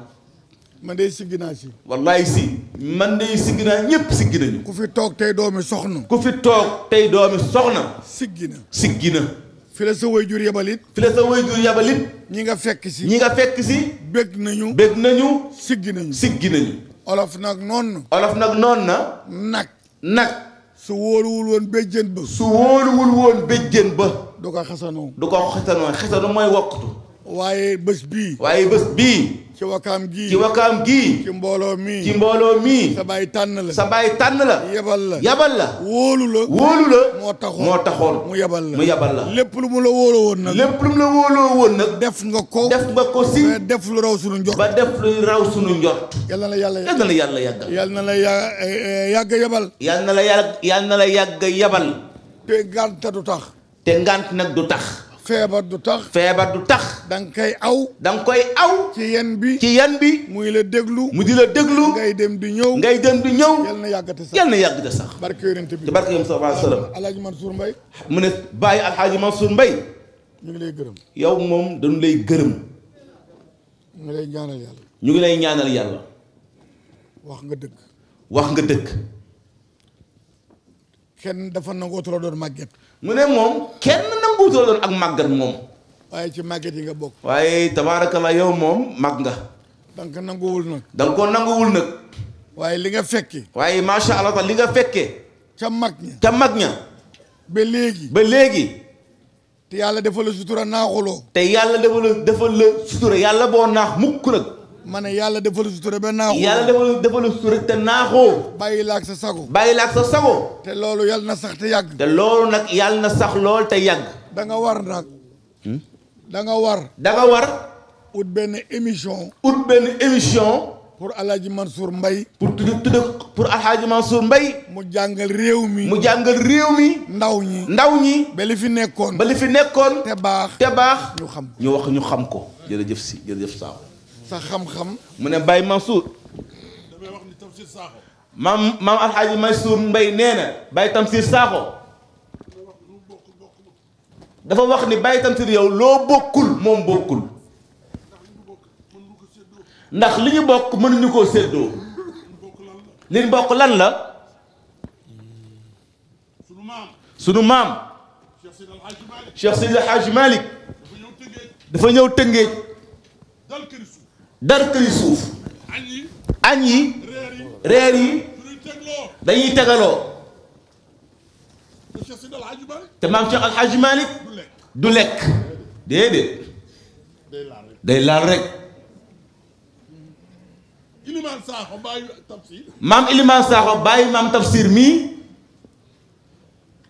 man de siggi naa si.
wallaay si. man de siggi naa ñëpp siggi nañu.
ku fi toog tey doomi soxna.
ku fi toog tey doomi soxna. siggi na siggi na. fi la sa jur yabalit. fi la sa waajur yabalit. ñi nga fekk
si. ñi nga fekk si. bég nañu. bég nañu. siggi nañu siggi nañu. olof nag noon na. olof nag noon na. nag. nag. su wóoruwul woon béjjén ba. su wóoruwul woon béjjén ba. du ko xasanoo.
du ko xasanoo xasanoo mooy wokkatu.
waaye bés bii. waaye bés bii. ci wakaam gii ci wakaam gii. ci mbooloo mii ci mbooloo mii. sa baay tànn la sa baay tànn la. yabal la yabal la. wóolu la wóolu la. moo taxoon moo mu yabal la mu yabal la. lépp lu mu la wóoloo woon nag. lépp lu mu la wóoloo woon nag. def nga ko
def nga ko si. ba def lu raw sunu njort. ba def lu raw sunu njort.
yal na la yàlla yàggal
yal
na la yàlla eh, eh, yàgg yabal.
yal na la yàgg yal na la yàgg yabal. te ngànt du tax. te ngànt nag du tax. feebar du tax. feebar du tax. da nga koy aw. da nga koy aw. ci yan bi ci yan bi. muy la déglu. mu di la déglu. ngay dem di ñëw.
ngay dem di ñëw. yal na yàgg te sax yal na yàgg te sax. barke yonent bi barke yonent sallallahu alayhi wa sallam. Alhaji Mansour Mbaye.
mu ne Baye Alhaji Mansour Mbaye. ñu ngi lay gërëm. yow moom dañu lay gërëm.
ñu ngi lay ñaanal yàlla.
ñu ngi lay ñaanal yàlla. wax nga dëgg. wax nga dëgg.
kenn dafa nangootu la doon màgget.
mu ne moom kenn. ko wutaloon ak màggat moom.
waaye ci màggat yi nga bokk.
waaye tabaarakalla yow moom màgg nga. da nga ko nanguwul nag. da waaye
li nga fekke waaye macha allah li nga fekkee. ca mag ca mag ña. ba léegi ba léegi. te yàlla defal la sutura naaxuloo. te yàlla defal la
la sutura yàlla boo naax mukk nag.
ma ne yàlla defal sutura ba naaxoo. yàlla defal
defal sutura te naaxoo.
bàyyi la sa sago. bàyyi la ak te loolu yàlla na sax te
yàgg. te loolu nag yàlla na sax lool te yàgg.
da nga war nag. Hmm? danga war. da nga war. ut benn émission. ut benn émission. pour Alhaji Mansour mbay pour tudd
tudd pour Alhaji Mansour Mbaye. mu jàngal réew mi. mu jàngal réew mi. ndaw ñi ndaw ñi. ba li fi nekkoon. ba li fi nekkoon. te baax te baax. ñu xam ñu wax ñu xam ko. jërëjëf si jërëjëf Sakho. sa xam-xam. mu ne Baye Mansour. damay wax ni Tamsir Sakho. maam maam Alhaji mbay Mbaye nee na. Baye Tamsir Sakho. dafa wax ni bàyyi tamsir yow loo bokkul moom bokkul ndax li ñu bokk mënuñu koo séddoo li ñu bokk lan la sunu maam Cheikh Seydi El Hadji Malick dafa ñëw tëngéej dar këri suuf añ yi reer yi dañuy tegaloo te maam Cheikh Al Hadj Malick du lekk déedéet day laal rek maam Ilimaan Saaxo bàyyi maam Tafsir mii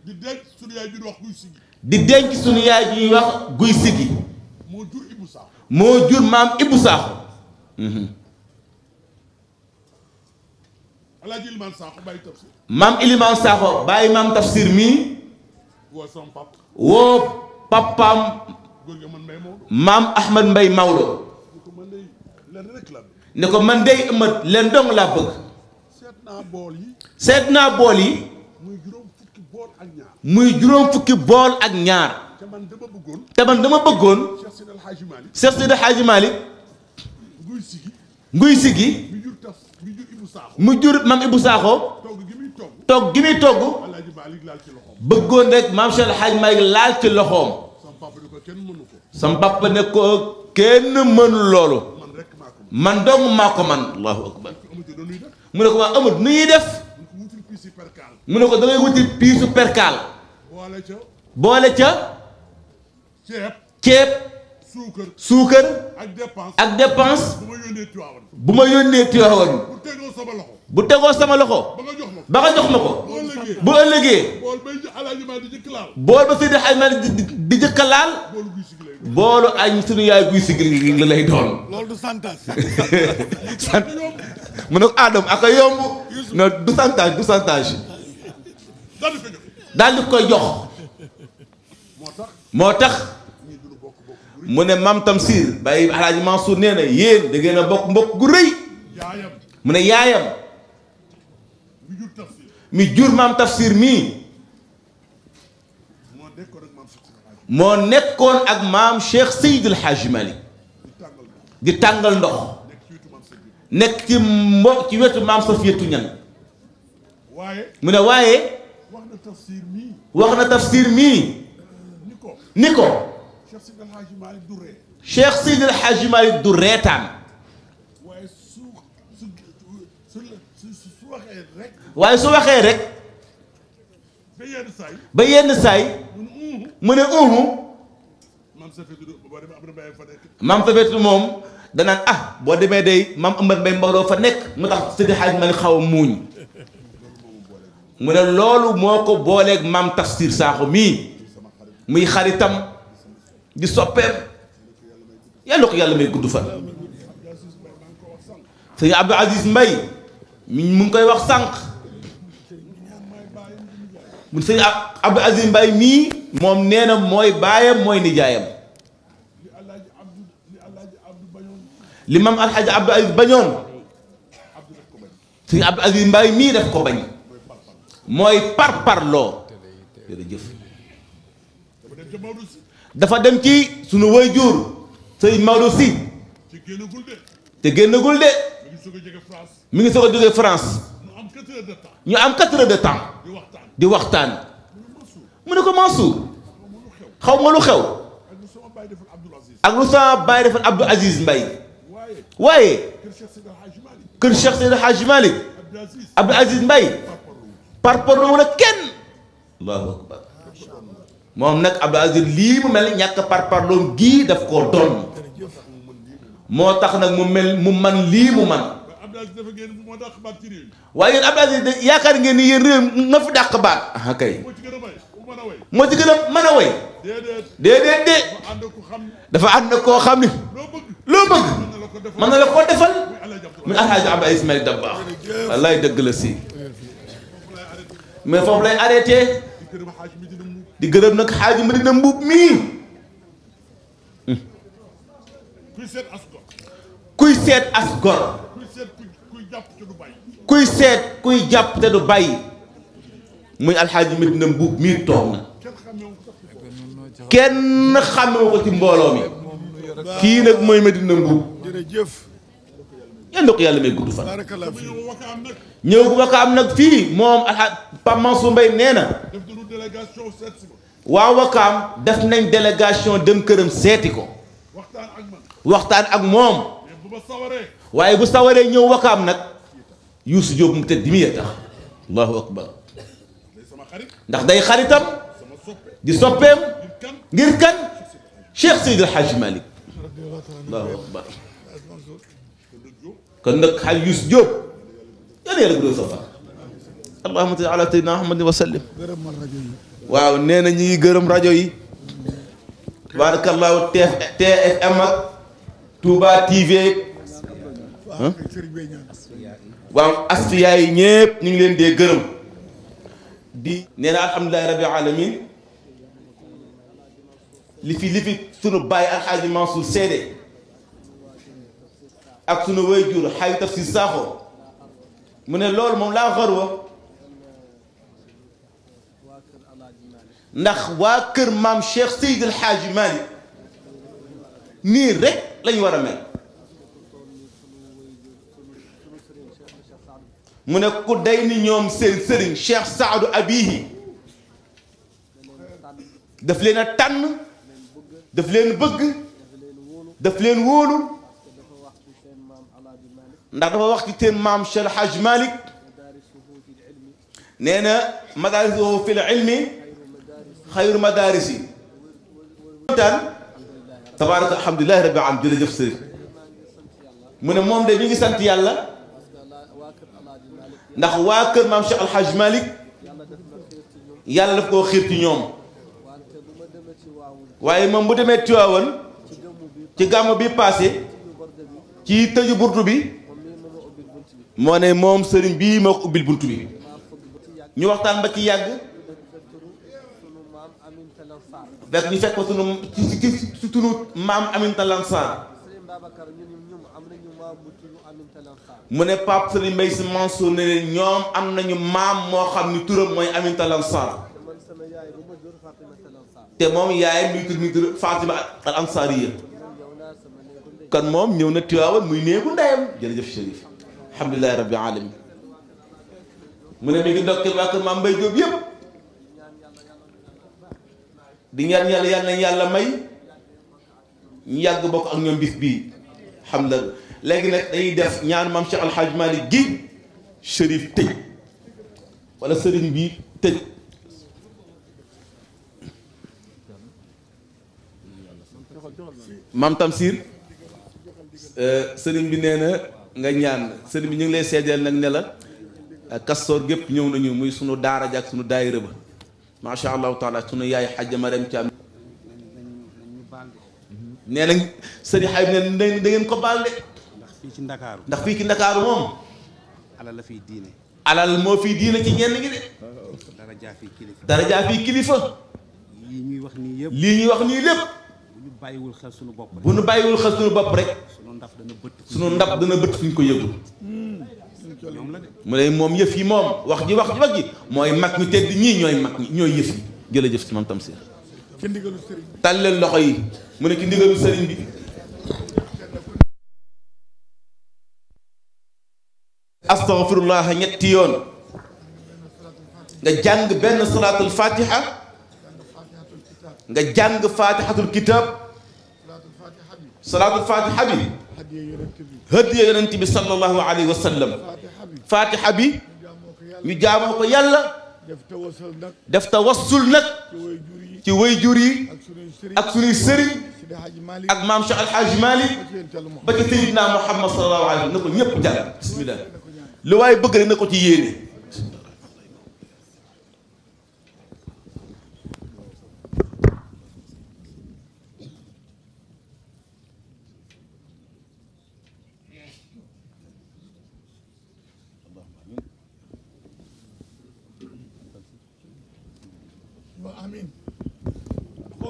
di denc sunu yaay ju wax guy sigi
di denc sunu
moo jur maam Ibou Saaxo mhm. alaaji Ilimaan Saaxo bàyyi tafsir maam Ilimaan Saaxo bàyyi maam tafsir mii woo sama pap woo papaam maam Ahmad Mbay Mawlo ne ko man dey ëmmat leen dong laa bëgg seet naa bool yi muy juróom fukki bool ak ñaar te man dama bëggoon te man dama bëggoon Seex Sidi Alxaaji Maalik Nguy Sigi Nguy mu jur maam Ibou Sakho toog gi muy togg bëggoon rek maam Cheikh xaaj Malick laal ci loxoom sam papa ne ko kenn mënu loolu man dong maa ko man allahu akbar mu ne ko waa amut nu ñuy def mu ne ko da ngay wuti piisu perkaal boole ca ceeb ceeb suukar ak dépense bu ma yónnee Tiwaawan bu tegoo sama loxo ba nga jox ma ko bu ëllëgee bool ba Seydi Alaaji Maalik di di laal boolu añ sunu yaay guy sigil la lay doon.
loolu du santage.
sant ko Adama ak a yomb non du santage du santage daal di koy jox moo tax. mu ne maam Tamsir bàyyi alaaji Mansour nee na yéen da ngeen a bokk mbokk gu rëy mu ne yaayam mi jur maam Tafsir mii moo nekkoon ak maam Cheikh Seydil Hadji Malick di tàngal ndox nekk ci mbo ci wetu maam Safiyatu ñan mu ne waaye wax na Tafsir mii ni ko. Cheikh Sidi El Hadj Malick du ree. Cheikh Sidi El waaye su waxee rek. waaye su ba yenn saay. ba yenn saay. mu ne uuhu. maam Safetu moom danaan ah boo demee day maam Amar Mbaye Mbaroo fa nekk mu tax Sidi El xaw a muuñ. mu ne loolu moo ko booleeg maam Tafsir Sakho mii muy xaritam. di soppeem yàlla ko yàlla may gudd fan sëñ Abdou Aziz Mbaye mi mu koy wax sànq mu sëñ Abdou Aziz mii moom neena mooy baayam mooy nijaayam li maam alxaaji Abdou Aziz bañoon sëñ Abdou Aziz Mbaye mii daf ko bañ mooy par parloo jërëjëf dafa dem ci sunu waajur sëriñ Maodo si te génnagul de mi ngi soog a jóge France ñu am quatre heures de temps di waxtaan mu ne ko Mansour xaw ma lu xew ak lu sama baay defal Abdou Aziz Mbaye waaye kër Cheikh Seydi Hadji Malick Abdou Aziz Mbaye par rapport wala kenn moom nag Abdou Aziz lii mu mel ñàkk par parloom gii daf koo doon moo tax nag mu mel mu man lii mu man waaye yéen Abdou Aziz de yaakaar ngeen ni yéen réew nga fi dàq baat ah kay moo ci gën a mën a way déedéet de dafa ànd koo xam ni loo bëgg mën na la koo defal muy alxaaji Abdou Aziz Malick Dabakh wallaay dëgg la si mais foofu lay arrêté di gërëm nag xaaji Madina Mbuub mii kuy seet as gor kuy seet kuy jàpp te du bàyyi muy alxaaji Madina Mbuub mii toog na kenn xàmmewu ko ci mbooloo mi kii nag mooy Madina Mbuub yan ko yàlla may gudd fan ñëw bu ko am nag fii moom alxaaj Pape Mansour Mbaye waa Wakaam def nañ délégation dem këram seeti ko waxtaan ak moom waaye bu sawaree ñëw Wakaam nag Youssou Diop mu tëdd mi tax allahu akbar ndax day xaritam di soppeem ngir kan Cheikh Seydil Hadj Malick allahu akbar kon nag xaj Youssou Diop yàlla yàlla guddal sa fan allahumma salli ala sayyidina Muhammadin wa sallim waaw nee na ñu ngi gërëm rajo yi tabaarakallaahu TFM ak Touba TV waaw astuyaa yi ñépp ñu ngi leen dee gërëm di nee na alhamdulilahi rabbil alamin li fi li fi sunu bàyyi alxaaji Mansour seede ak sunu wayjur xaaj taf si saaxo mu ne loolu moom laa xarwa ndax waa kër maam Cheikh Seydil Hadji Malick nii rek lañ war a mel mu ne ku day ni ñoom seen sëriñ Cheikh Saadu Abihi daf leen a tànn daf leen bëgg daf leen wóolu ndax dafa wax ci seen maam Cheikh Hadji Malick nee na madaarisuhu xayru madaaris yi kontaan tabaaraka alhamdulilahi rabbil alamin mu ne moom de mi ngi sant yàlla ndax waa kër maam Cheikh Alhaaj Malick yàlla daf koo xiir ci ñoom waaye moom bu demee Tiwaawan ci gàmmu bi paase ci tëju burtu bi moo ne moom sëriñ bi moo ko ubbil buntu bi ñu waxtaan ba ci yàgg fekk ñu fekk ko sunu ci ci maam Aminta Lansar
mu ne Pape
Serigne Mbaye Sy Mansour ne leen ñoom am nañu maam moo xam ni turam mooy Aminta Lansar te moom yaay muy tur mi tur kon moom ñëw na Tiwaawan muy néegu ndeyam jërëjëf Chérif alhamdulilahi rabbil alamin mu ne mi ngi ndokkee waa kër maam Mbaye di ñaan yàlla yàlla nañ yàlla may ñu yàgg bokk ak ñoom bis bii xam la léegi nag dañuy def ñaan maam Cheikh Al Hadj Malick gi Chérif tëj wala sëriñ bi tëj maam Tamsir euh, sëriñ bi nee na nga ñaan sëriñ bi ñu ngi lay seedeel nag nela la euh, Kastoor gépp ñëw nañu muy sunu daara ja ak sunu daayira ba macha allahu taala sunu yaay xaja Mariam Thiam nee nañ sëriñ xayib ne da ngeen ko baal de ndax fii ci ndakaaru ndax fii ci ndakaaru moom
alal la fi diine
alal moo fiy diine ci ñenn ñi
de dara jaa fii kilifa dara lii ñuy wax nii yëpp lii ñuy wax nii lépp bu ñu bàyyiwul xel suñu bopp bu ñu bàyyiwul xel suñu bopp rek sunu ndab dana bëtt suñu ndab dana bëtt
fu ñu ko yëgul mu ne moom yëf yi moom wax ji wax ji wax ji mooy mag ñu tedd ñii ñooy mag ñi ñooy yëf yi jërëjëf si maam Tamsir tàllal loxo yi mu ne ci ndigalu sëriñ bi astaghfirullah ñetti yoon nga jàng benn salaatul fatiha nga jàng fatihatul kitab salaatul fatiha bi hadiya yonent bi sallallahu alayhi wa sallam fatiha bi ñu jaamoo ko yàlla def tawassul nag ci way jur yi
ak suñuy sëriñ
ak maam Cheikh Alhaji Malick ba ci Seydina Muhammad sallallahu alayhi wa sallam na ko ñëpp jàll bismillah lu waaye bëgg rek na ko ci yéene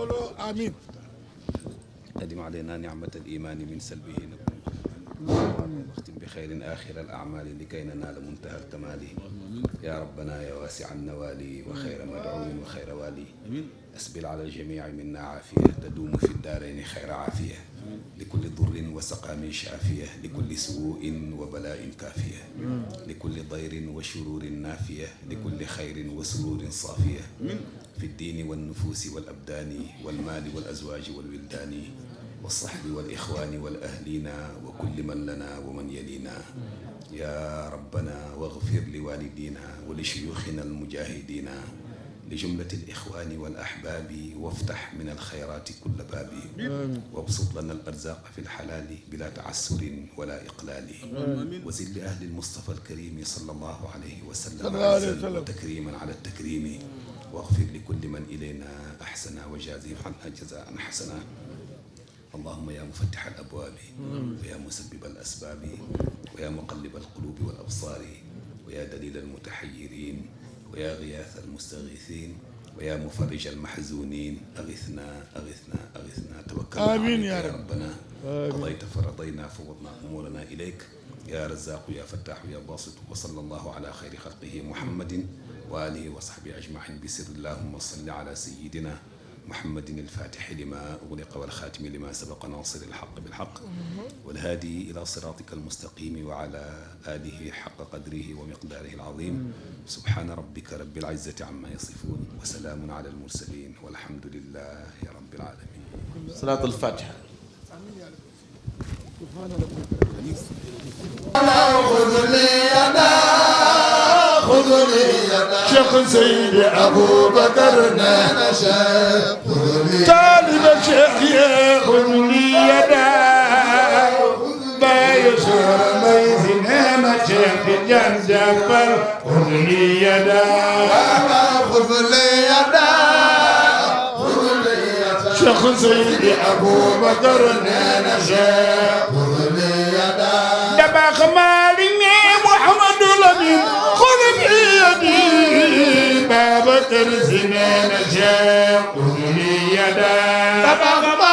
mbooloo amin adim aleyna niamat al imaani min salbihi واختم بخير آخر الأعمال لكي ننال منتهى الكمال يا ربنا يا واسع النوال وخير مدعو وخير والي أسبل على الجميع منا عافية تدوم في الدارين خير عافية لكل ضر وسقام شافية لكل سوء وبلاء كافية لكل ضير وشرور نافية لكل خير وسرور صافية في الدين والنفوس والأبدان والمال والأزواج والولدان والصحب والإخوان والأهلين وكل من لنا ومن يلينا يا ربنا واغفر لوالدينا ولشيوخنا المجاهدين لجملة الإخوان والأحباب وافتح من الخيرات كل باب وابسط لنا الأرزاق في الحلال بلا تعسر ولا إقلال وزل لأهل المصطفى الكريم صلى الله عليه وسلم عزا وتكريما على التكريم واغفر لكل من إلينا أحسن وجازي عنا جزاء حسنا allahuma yaa mufattix al abwaabi wa yaa musabib al asbaabi wa yaa muqallib al quluubi wal absaari wa yaa dalil al mutaxayirin wa yaa giyaas al mustagiisin wa yaa mufarrij al maxzuunin agisnaa agisnaa agisnaa tawakkalnaa amiin yaa rabbanaa qadayta fa radaynaa fawwadnaa umuuranaa ilayk yaa razaaqu yaa fattaaxu yaa baasitu wa sallallahu alaa xayri xalqihi muhammadin wa aalihi wa saxbihi ajmaciin bi sirri allahumma salli alaa sayyidinaa محمد الفاتح لما أغلق والخاتم لما سبق ناصر الحق بالحق والهادي إلى صراطك المستقيم وعلى آله حق قدره ومقداره العظيم سبحان ربك رب العزة عما يصفون وسلام على المرسلين والحمد لله رب العالمين صلاة الفاتحة
سبحان ربك
شيخ سيدي أبو بكر نانا
طالب الشيخ يا خذني يدا بايش رميه نعمة شيخ جان جعفر خذني يدا خذني يدا شيخ سيدي أبو بكر نانا خذني يدا دبا خمالي محمد لمن فتر زمان جاء أذني يدا